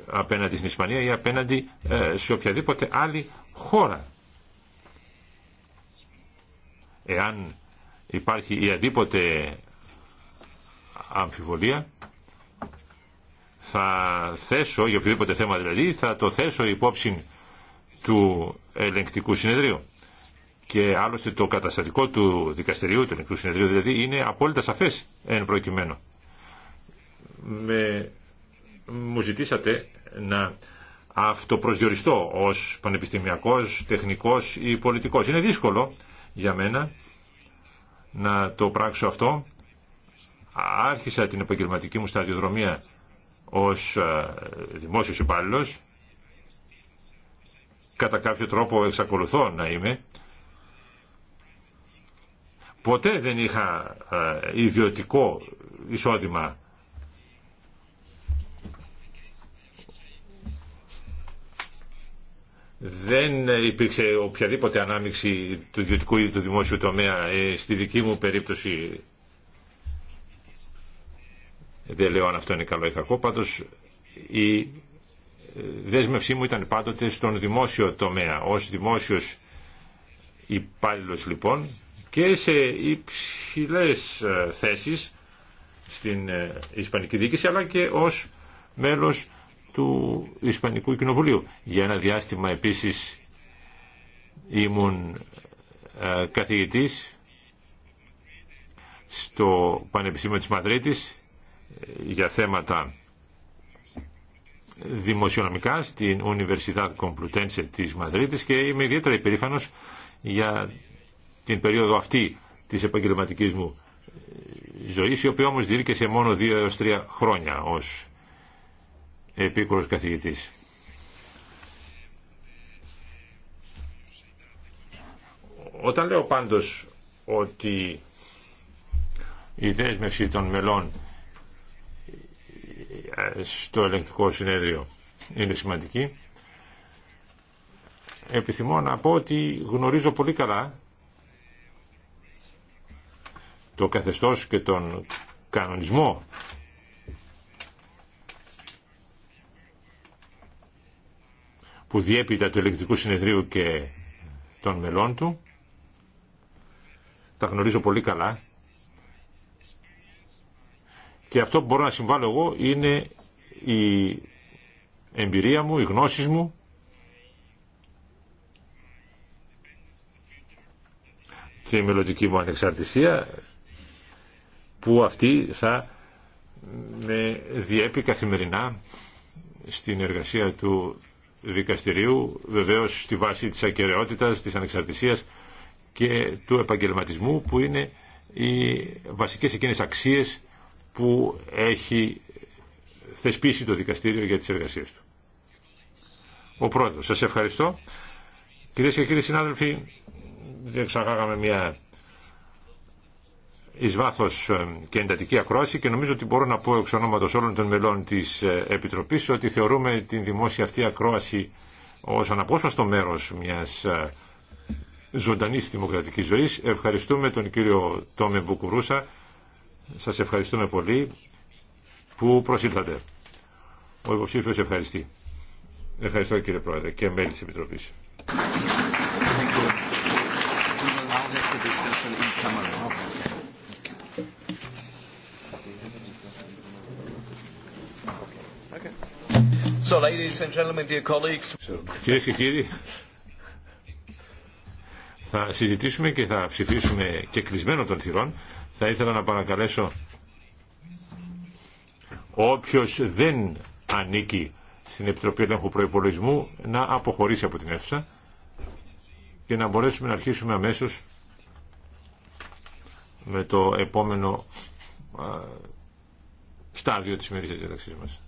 απέναντι στην Ισπανία ή απέναντι ε, σε οποιαδήποτε άλλη χώρα. Εάν υπάρχει η αντίποτε αμφιβολία θα θέσω, για οποιοδήποτε θέμα δηλαδή, θα το θέσω υπόψη του ελεγκτικού συνεδρίου. Και άλλωστε το καταστατικό του δικαστηρίου, του ελεγκτικού συνεδρίου δηλαδή, είναι απόλυτα σαφές εν προκειμένου. Με... Μου ζητήσατε να αυτοπροσδιοριστώ ως πανεπιστημιακός, τεχνικός ή πολιτικός. Είναι δύσκολο για μένα να το πράξω αυτό. Άρχισα την επαγγελματική μου σταδιοδρομία ως ε, δημόσιος υπάλληλο. Κατά κάποιο τρόπο εξακολουθώ να είμαι. Ποτέ δεν είχα ε, ιδιωτικό εισόδημα δεν υπήρξε οποιαδήποτε ανάμειξη του ιδιωτικού ή του δημόσιου τομέα ε, στη δική μου περίπτωση δεν λέω αν αυτό είναι καλό ή κακό πάντως η ε, δέσμευσή μου ήταν πάντοτε στον δημόσιο τομέα ως δημόσιος υπάλληλο λοιπόν και σε υψηλές ε, θέσεις στην Ισπανική Διοίκηση αλλά και ως μέλος του Ισπανικού Κοινοβουλίου. Για ένα διάστημα επίσης ήμουν ε, καθηγητής στο Πανεπιστήμιο της Μαδρίτης ε, για θέματα δημοσιονομικά στην Universidad Complutense της Μαδρίτης και είμαι ιδιαίτερα υπερήφανος για την περίοδο αυτή της επαγγελματικής μου ε, ζωής η οποία όμως διήρκεσε μόνο δύο έως τρία χρόνια ως επίκουρος καθηγητής. Όταν λέω πάντως ότι η δέσμευση των μελών στο Ελεκτικό συνέδριο είναι σημαντική, επιθυμώ να πω ότι γνωρίζω πολύ καλά το καθεστώς και τον κανονισμό που διέπειτα του ελεκτικού συνεδρίου και των μελών του. Τα γνωρίζω πολύ καλά. Και αυτό που μπορώ να συμβάλλω εγώ είναι η εμπειρία μου, οι γνώσεις μου, και η μελλοντική μου ανεξαρτησία που αυτή θα με διέπει καθημερινά στην εργασία του δικαστηρίου, βεβαίως στη βάση της ακεραιότητας της ανεξαρτησίας και του επαγγελματισμού που είναι οι βασικές εκείνες αξίες που έχει θεσπίσει το δικαστήριο για τις εργασίες του. Ο πρώτος. σας ευχαριστώ. Κυρίε και κύριοι συνάδελφοι, διεξαγάγαμε μια εις βάθος ε, και εντατική ακρόαση και νομίζω ότι μπορώ να πω εξ ονόματος όλων των μελών της ε, Επιτροπής ότι θεωρούμε την δημόσια αυτή ακρόαση ως αναπόσπαστο μέρος μιας ε, ζωντανής δημοκρατικής ζωής. Ευχαριστούμε τον κύριο Τόμε Μπουκουρούσα. Σας ευχαριστούμε πολύ που προσήλθατε. Ο υποψήφιος ευχαριστεί. Ευχαριστώ κύριε Πρόεδρε και μέλη της Επιτροπής. So, ladies and gentlemen, dear colleagues. Κυρίες και κύριοι, θα συζητήσουμε και θα ψηφίσουμε και κλεισμένο των θυρών. Θα ήθελα να παρακαλέσω όποιος δεν ανήκει στην Επιτροπή Ελέγχου Προϋπολογισμού να αποχωρήσει από την αίθουσα και να μπορέσουμε να αρχίσουμε αμέσως με το επόμενο στάδιο της ημερήσιας διαταξής μας.